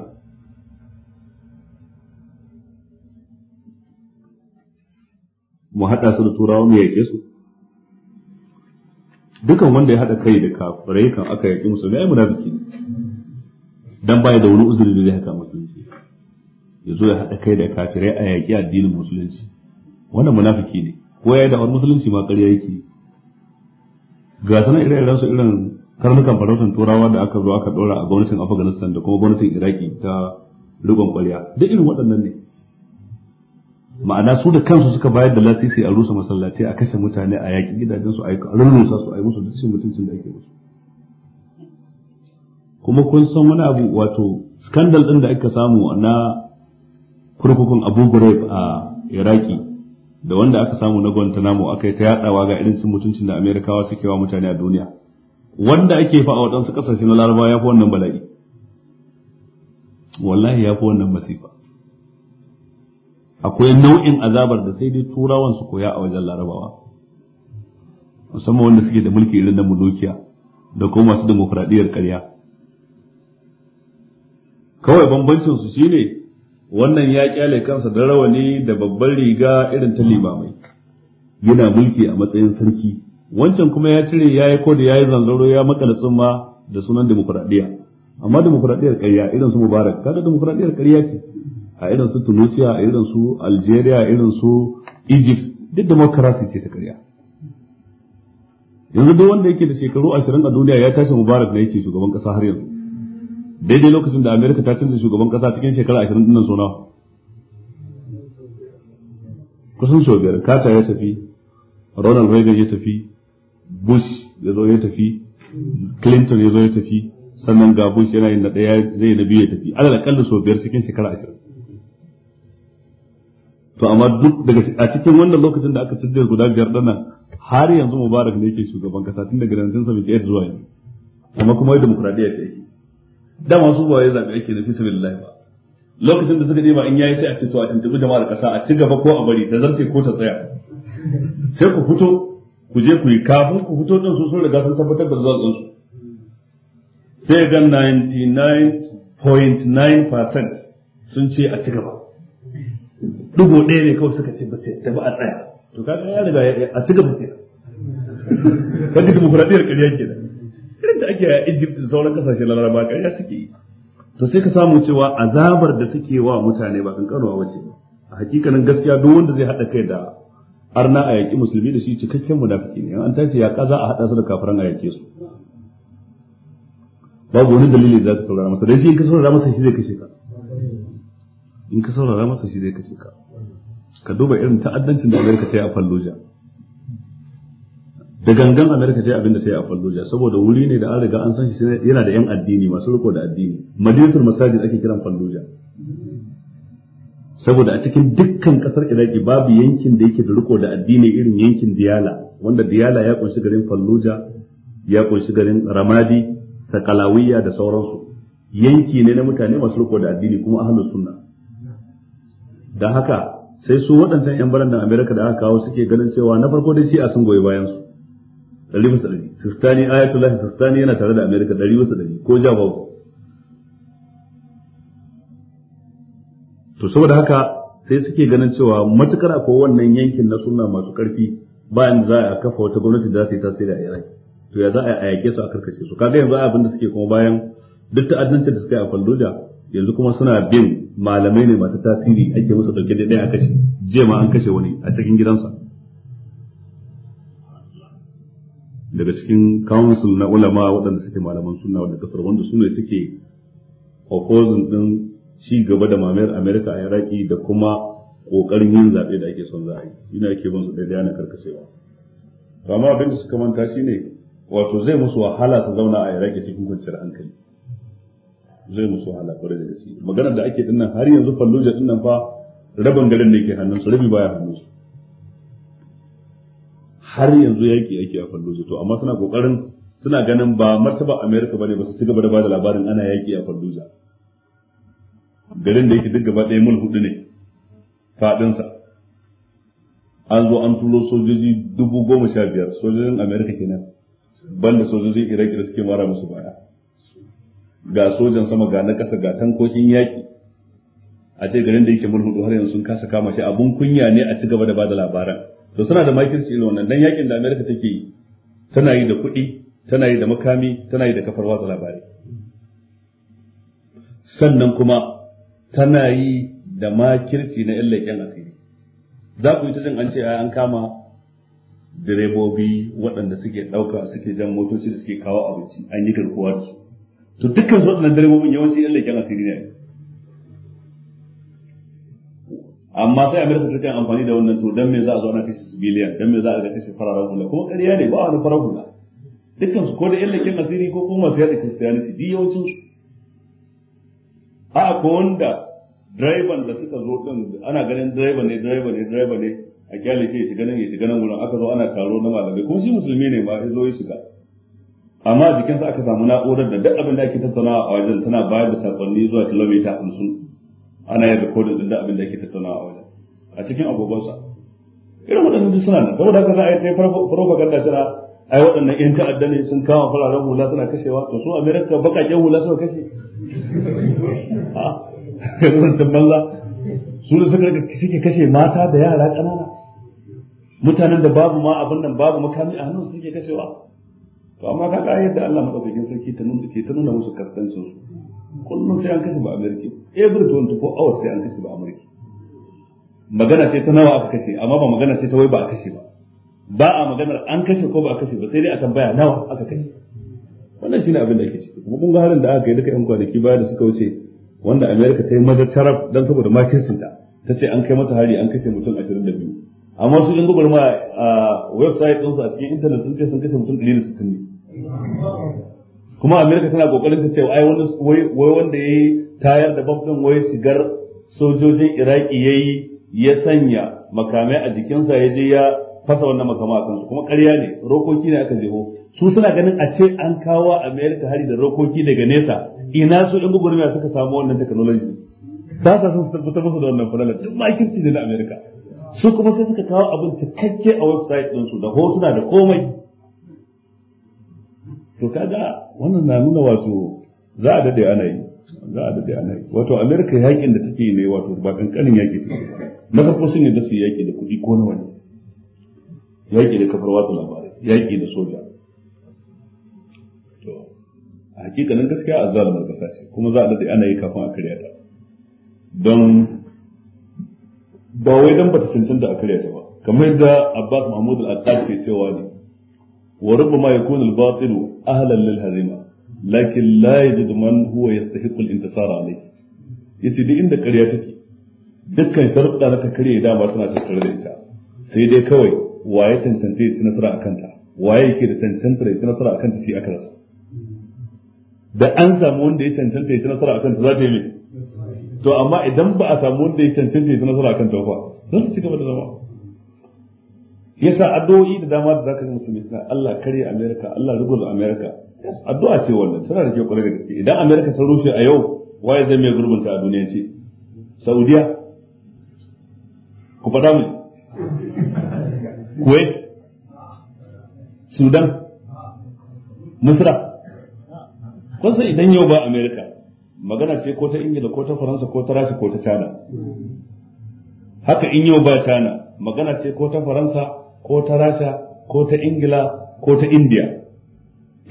mu haɗa su da turawa mu yake su dukan wanda ya haɗa kai da kafirai kan aka yaƙi musulmi ai munafiki ne dan baya da wani uzuri da zai haka musulunci ya zo ya haɗa kai da kafirai a yaƙi addinin musulunci wannan munafiki ne ko ya yi da'awar musulunci ma ƙarya yake ga sanan ire-iren su irin karnukan farautan turawa da aka zo aka ɗora a gwamnatin afghanistan da kuma gwamnatin iraki ta rigon kwalya duk irin waɗannan ne ma'ana su da kansu suka bayar da lasisi a rusa masallatai a kashe mutane a yaƙi gidajensu a rurrusa su a yi musu duk mutuncin da ake musu kuma kun san wani abu wato scandal ɗin da aka samu na kurkukun abu ghraib a iraki da wanda aka samu na guantanamo aka yi ta yaɗawa ga irin mutuncin da amerikawa suke wa mutane a duniya wanda ake fa a waɗansu ƙasashe na laraba ya fi wannan bala'i wallahi ya fi wannan masifa akwai nau'in azabar da sai dai turawan su koya a wajen larabawa musamman wanda suke da mulki irin na mulukiya da kuma masu demokuraɗiyyar karya kawai bambancin su shine wannan ya kyale kansa da rawani da babban riga irin ta limamai yana mulki a matsayin sarki wancan kuma ya cire ya yi da ya yi zanzaro ya makala tsumma da sunan demokuraɗiyya amma demokuraɗiyyar ƙarya irin su mubarak kada demokuraɗiyyar ƙarya ce a irin su tunisia a irin su algeria a irin su egypt duk demokarasi ce ta ƙarya yanzu duk wanda yake da shekaru ashirin a duniya ya tashi mubarak na yake shugaban ƙasa har yanzu daidai lokacin da amerika ta canza shugaban ƙasa cikin shekara ashirin ɗinnan suna kusan sau biyar kata ya tafi ronald reagan ya tafi bush ya zo ya tafi clinton ya zo ya tafi sannan ga bush yana yin na ɗaya zai na biyu ya tafi alal aƙalla sau biyar cikin shekara ashirin to amma duk daga a cikin wannan lokacin da aka canja guda biyar dana har yanzu mubarak ne yake shugaban kasa tun daga 1978 zuwa yanzu amma kuma yadda demokradiyya ta yake Da masu ba ya zaɓi ake na fisa billahi ba lokacin da suka ɗeba in yayi sai a ce to a tuntuɓi jama'ar kasa a ci gaba ko a bari ta zarce ko ta tsaya sai ku fito ku je ku yi kafin ku fito din su sun riga sun tabbatar da zuwan su sai ga 99.9% sun ce a ci gaba dugo ɗaya ne kawai suka ce ba sai ta ba a tsaya to ga ya riga a ci gaba ji kaga dimokuraɗiyar ƙarya nan irin da ake a Egypt da sauran kasashe na Laraba ƙarya suke yi to sai ka samu cewa azabar da suke wa mutane ba kankanuwa wace ba a hakikanin gaskiya duk wanda zai haɗa kai da arna a yaƙi musulmi da shi cikakken munafiki ne an tashi ya kaza a haɗa su da kafiran a yaƙe su babu wani dalili da za ka saurara masa dai shi in ka saurara masa shi zai kashe ka in ka saurara masa shi zai kashe ka ka duba irin ta'addancin da Amerika ta yi a Fallujah da gangan Amerika ta yi abin da ta yi a Fallujah saboda wuri ne da an riga an san shi yana da yan addini masu riko da addini madinatul masajid ake kiran Fallujah saboda a cikin dukkan kasar iraki babu yankin da yake da riko da addini irin yankin diyala wanda diyala ya kunshi garin falluja ya kunshi garin ramadi sakalawiya da sauransu yanki ne na mutane masu riko da addini kuma ahlus sunna da haka sai su waɗancan yan da amerika da aka kawo suke ganin cewa na farko dai shi a sun goyi bayan su ɗari bisa ɗari sistani ayatollah sistani yana tare da amerika ɗari bisa ɗari ko jabawa to saboda haka sai suke ganin cewa matukar a wannan yankin na suna masu karfi bayan za a kafa wata gwamnati da za su yi tasiri a Iraki to ya za a yake su a karkashe su kaga yanzu abin da suke kuma bayan duk ta'addancin da suka yi a falluja yanzu kuma suna bin malamai ne masu tasiri ake musu dauke da ɗaya a kashe je ma an kashe wani a cikin gidansa daga cikin council na ulama waɗanda suke malaman suna wanda kafar wanda su ne suke opposing din ci gaba da mamayar Amerika a Iraki da kuma kokarin yin zaɓe da ake son za a yi ina ke bin su ɗaya na karkasewa to amma abin da suka manta shine wato zai musu wahala su zauna a Iraki cikin kwanciyar hankali zai musu wahala kwarai da gaske maganar da ake dinnan har yanzu Fallujah dinnan fa rabin garin da ke hannun su rabi baya hannun su har yanzu yaki yake a Fallujah to amma suna kokarin suna ganin ba martaba ba bane ba su ci gaba da ba da labarin ana yaki a Fallujah garin da yake duk gaba ɗaya mil hudu ne faɗinsa an zo an turo sojoji dubu goma sha biyar sojojin amerika kenan banda sojojin iraki da suke mara musu baya ga sojan sama ga na ƙasa ga tankokin yaƙi a ce garin da yake mil hudu har yanzu sun kasa kama shi abun kunya ne a ci gaba da bada labaran to suna da makirci ilo wannan dan yakin da amerika take yi tana yi da kuɗi tana yi da makami tana yi da kafar watsa labari sannan kuma tana yi da makirci na yan leƙen asiri za ku yi ta jin an ce an kama direbobi waɗanda suke ɗauka suke jan motoci da suke kawo abinci an yi garkuwa da su to dukkan su waɗannan direbobin yawanci yan leƙen asiri ne amma sai amerika ta kan amfani da wannan to dan me za a zo ana kashe civilian dan me za a ga kashe fararen hula kuma ƙarya ne ba wani farar hula dukkan su ko da yan leƙen asiri ko kuma masu yaɗa christianity duk yawancin su a ko wanda direban da suka zo din ana ganin direba ne direba ne direba ne a kyale shi shi shiga nan ya shiga nan wurin aka zo ana taro na malamai kuma shi musulmi ne ma ya zo ya shiga amma jikinsa aka samu na'urar da duk abin da ake tattaunawa a wajen tana bayar da sakonni zuwa kilomita hamsin ana yin rikodin din duk abin da ake tattaunawa a wajen a cikin agogonsa irin waɗannan duk suna nan saboda haka za a yi ta propaganda suna ai waɗannan yan ta'adda ne sun kama fararen hula suna kashewa to su amerika bakaken hula suka kashe a zancen banza su da suka suke kashe mata da yara ƙanana mutanen da babu ma abin nan babu makami a hannun suke kashewa to amma kaga yadda Allah madaukakin sarki ta nuna ke ta nuna musu kaskancin su kullum sai an kashe ba amerika every 24 hours sai an kashe ba amerika magana ce ta nawa aka kashe amma ba magana ce ta wai ba a kashe ba ba a maganar an kashe ko ba a kashe ba sai dai a tambaya nawa aka kashe wannan shine abin da ake ciki kuma kun ga harin da aka yi duka yan kwanaki baya da suka wuce wanda America ta yi maza charab dan saboda makircin ta ta ce an kai mata hari an kashe mutum 22 amma su yan gubar ma a website ɗinsu a cikin internet sun ce sun kashe mutum 160 ne kuma America tana kokarin ta ce ai wani wai wanda yayi tayar da babban wai shigar sojojin Iraki yayi ya sanya makamai a jikinsa ya je ya fasa wannan makama a kansu kuma ƙarya ne rokoki ne aka jeho su suna ganin a ce an kawo america hari da rokoki daga nesa ina su ɗan gugurmiya suka samu wannan technology ba sa sun tabbatar musu da wannan fulalar duk makirci ne na america su kuma sai suka kawo abin cikakke a website ɗinsu da hotuna da komai to kaga wannan na nuna wato za a dade ana yi za a dade ana yi wato america yakin da take ne wato ba kankanin yaki take na farko sun yadda su yaki da kuɗi ko na wani yaƙi da kafar watsa labarai yaƙi da soja to a hakikanin gaskiya a zalimar ƙasa ce kuma za a daɗe ana yi kafin a karya ta don ba wai don ba ta cancanta a karya ta ba kamar yadda Abbas Mahmud al-Attab ke cewa ne wa rubbama yakunu al-batil ahlan lil hazima lakin la yajid man huwa yastahiqu al-intisar alayhi yace duk inda ƙarya take dukkan sharuɗa na ta karya dama tana tattare da ita sai dai kawai waye cancanta ya ci nasara a kanta waye yake da cancanta ya ci nasara a kanta shi aka rasa da an samu wanda ya cancanta ya ci nasara a kanta za ta yi mai to amma idan ba a samu wanda ya cancanta ya ci nasara a kanta ba za ta ci gaba da zama yasa addu'o'i da dama da zaka yi musulmi suna Allah kare America Allah ruguza America addu'a ce wannan tana da kyau kwarai da gaske idan America ta rushe a yau waye zai mai gurbinta a duniya ce Saudiya ku faɗa mu kuwait sudan misra kusa idan yau ba Amerika, magana ce ko ta ingila ko ta faransa ko ta Rasha ko ta china haka in yau ba china magana ce ko ta faransa ko ta rasha ko ta ingila ko ta india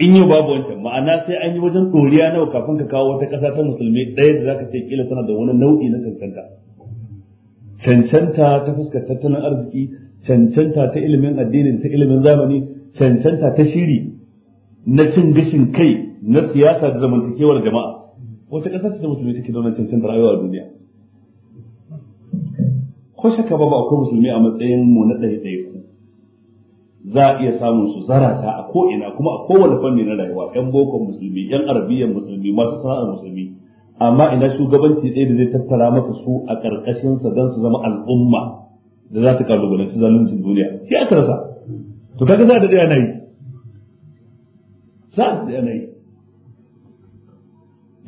in yau babu wancan ma'ana sai an yi wajen ɗoriya nawa kafin ka kawo wata ƙasa ta musulmi ɗaya da zaka ce kila tana da wani nau'i na cancanta cancanta ta fuskar tattalin arziki cancanta ta ilimin addinin ta ilimin zamani cancanta ta shiri na cin gashin kai na siyasa da zamantakewar jama'a wata ƙasar ta musulmi take da wannan cancantar rayuwa a duniya ko shakka ba ba akwai musulmi a matsayin mu na ku, za a iya samun su zarata a ko'ina kuma a kowane fanni na rayuwa yan bokon musulmi yan arabiyan musulmi masu sana'ar musulmi amma ina shugabanci ɗaya da zai tattara maka su a ƙarƙashinsa don su zama al'umma da za ta kalubalanci zaluncin duniya sai aka rasa to kaga za ta daya na yi za ta daya na yi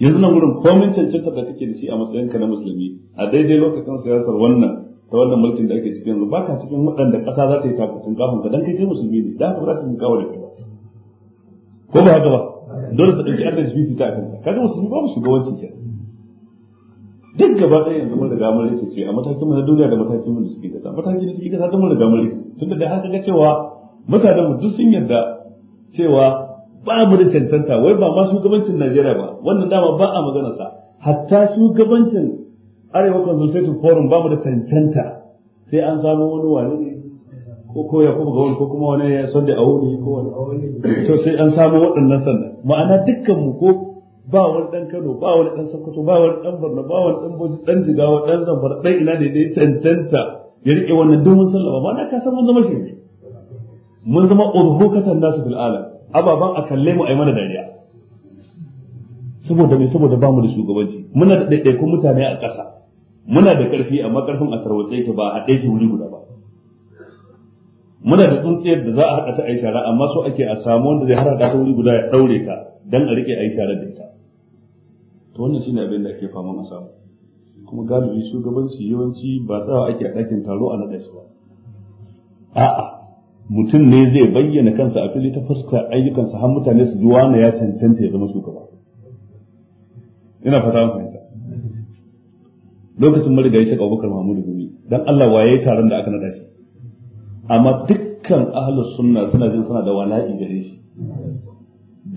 yanzu nan wurin komin cancanta da kake da shi a matsayinka na musulmi a daidai lokacin siyasar wannan ta wannan mulkin da ake cikin yanzu baka cikin waɗanda ƙasa za ta yi takutun kafin ka dan kai kai musulmi ne da ka za ta yi kawo da kai ko ba haka ba dole ta ɗauki adalci ta a kanka kaga musulmi ba mu shugabanci kenan duk gaba ɗaya yanzu mun riga mun rikice a matakin mu na duniya da matakin mu da suke kasa matakin da suke kasa duk mun riga mun rikice tunda da haka ga cewa mutanen mu duk sun yarda cewa ba mu da cancanta wai ba ma shugabancin Najeriya ba wannan dama ba a magana sa hatta shugabancin Arewa Consultative Forum ba mu da cancanta sai an samu wani wani ne ko ko ya kuma ga wani ko kuma wani ya son da wuri ko wani to sai an samu waɗannan sannan ma'ana dukkan mu ko ba wani dan Kano ba wani dan Sokoto ba wani dan Borno ba wani dan Bauchi dan Jigawa dan Zamfara dan ina da ya cancanta ya rike wannan domin sallama ba na ka san mun zama shirme mun zama urhukatan nasu fil alam ababan a kalle mu ai mana dariya saboda me saboda ba mu da shugabanci muna da ɗaiɗaikun mutane a ƙasa muna da ƙarfi amma ƙarfin a tarwatse yake ba a haɗe ki wuri guda ba muna da tsuntsiyar da za a haɗa ta a yi shara amma so ake a samu wanda zai harhaɗa ta wuri guda ya ɗaure ka dan a rike a yi shara da ita to wannan shine abin da ake fama a samu kuma galibi shugabanci yawanci ba tsawa ake a ɗakin taro a naɗa shi ba a'a mutum ne zai bayyana kansa a fili ta fuskar ayyukansa har mutane su ji wane ya cancanta ya zama shugaba ina fata an fahimta lokacin marigayi shi abubakar mahmudu gumi dan Allah waye taron da aka naɗa shi amma dukkan ahlus sunna suna jin suna da wala'i gare shi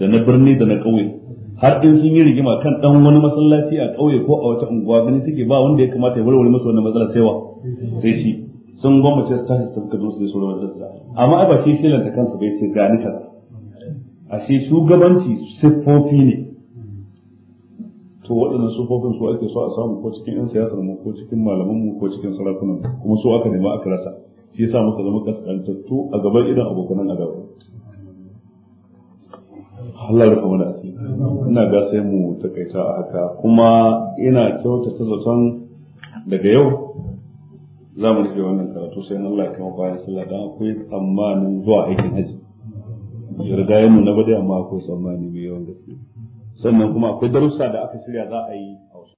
da na birni da na ƙauye har in sun yi rigima kan dan wani masallaci a ƙauye ko a wata unguwa gani suke ba wanda ya kamata ya warware masa wannan matsalar sai wa sai shi sun gwamnati su ta ta kazo su sauran matsalar amma ai ba shi lanta kansa bai ce gani ka a shi shugabanci siffofi ne to waɗannan siffofin su ake so a samu ko cikin 'yan siyasar mu ko cikin malaman mu ko cikin sarakunan mu kuma so aka nema aka rasa shi yasa muka zama kaskantattu a gaban idan abokanan gaban Allah ya kuma dace ina ga sai mu takaita a haka kuma ina kyautata zaton daga yau za mu rufe wannan karatu sai Allah ya kuma bayan sallah dan akwai tsammanin zuwa aikin haji yarda ya nuna ba dai amma akwai tsammani mai yawan gaske sannan kuma akwai darussa da aka shirya za a yi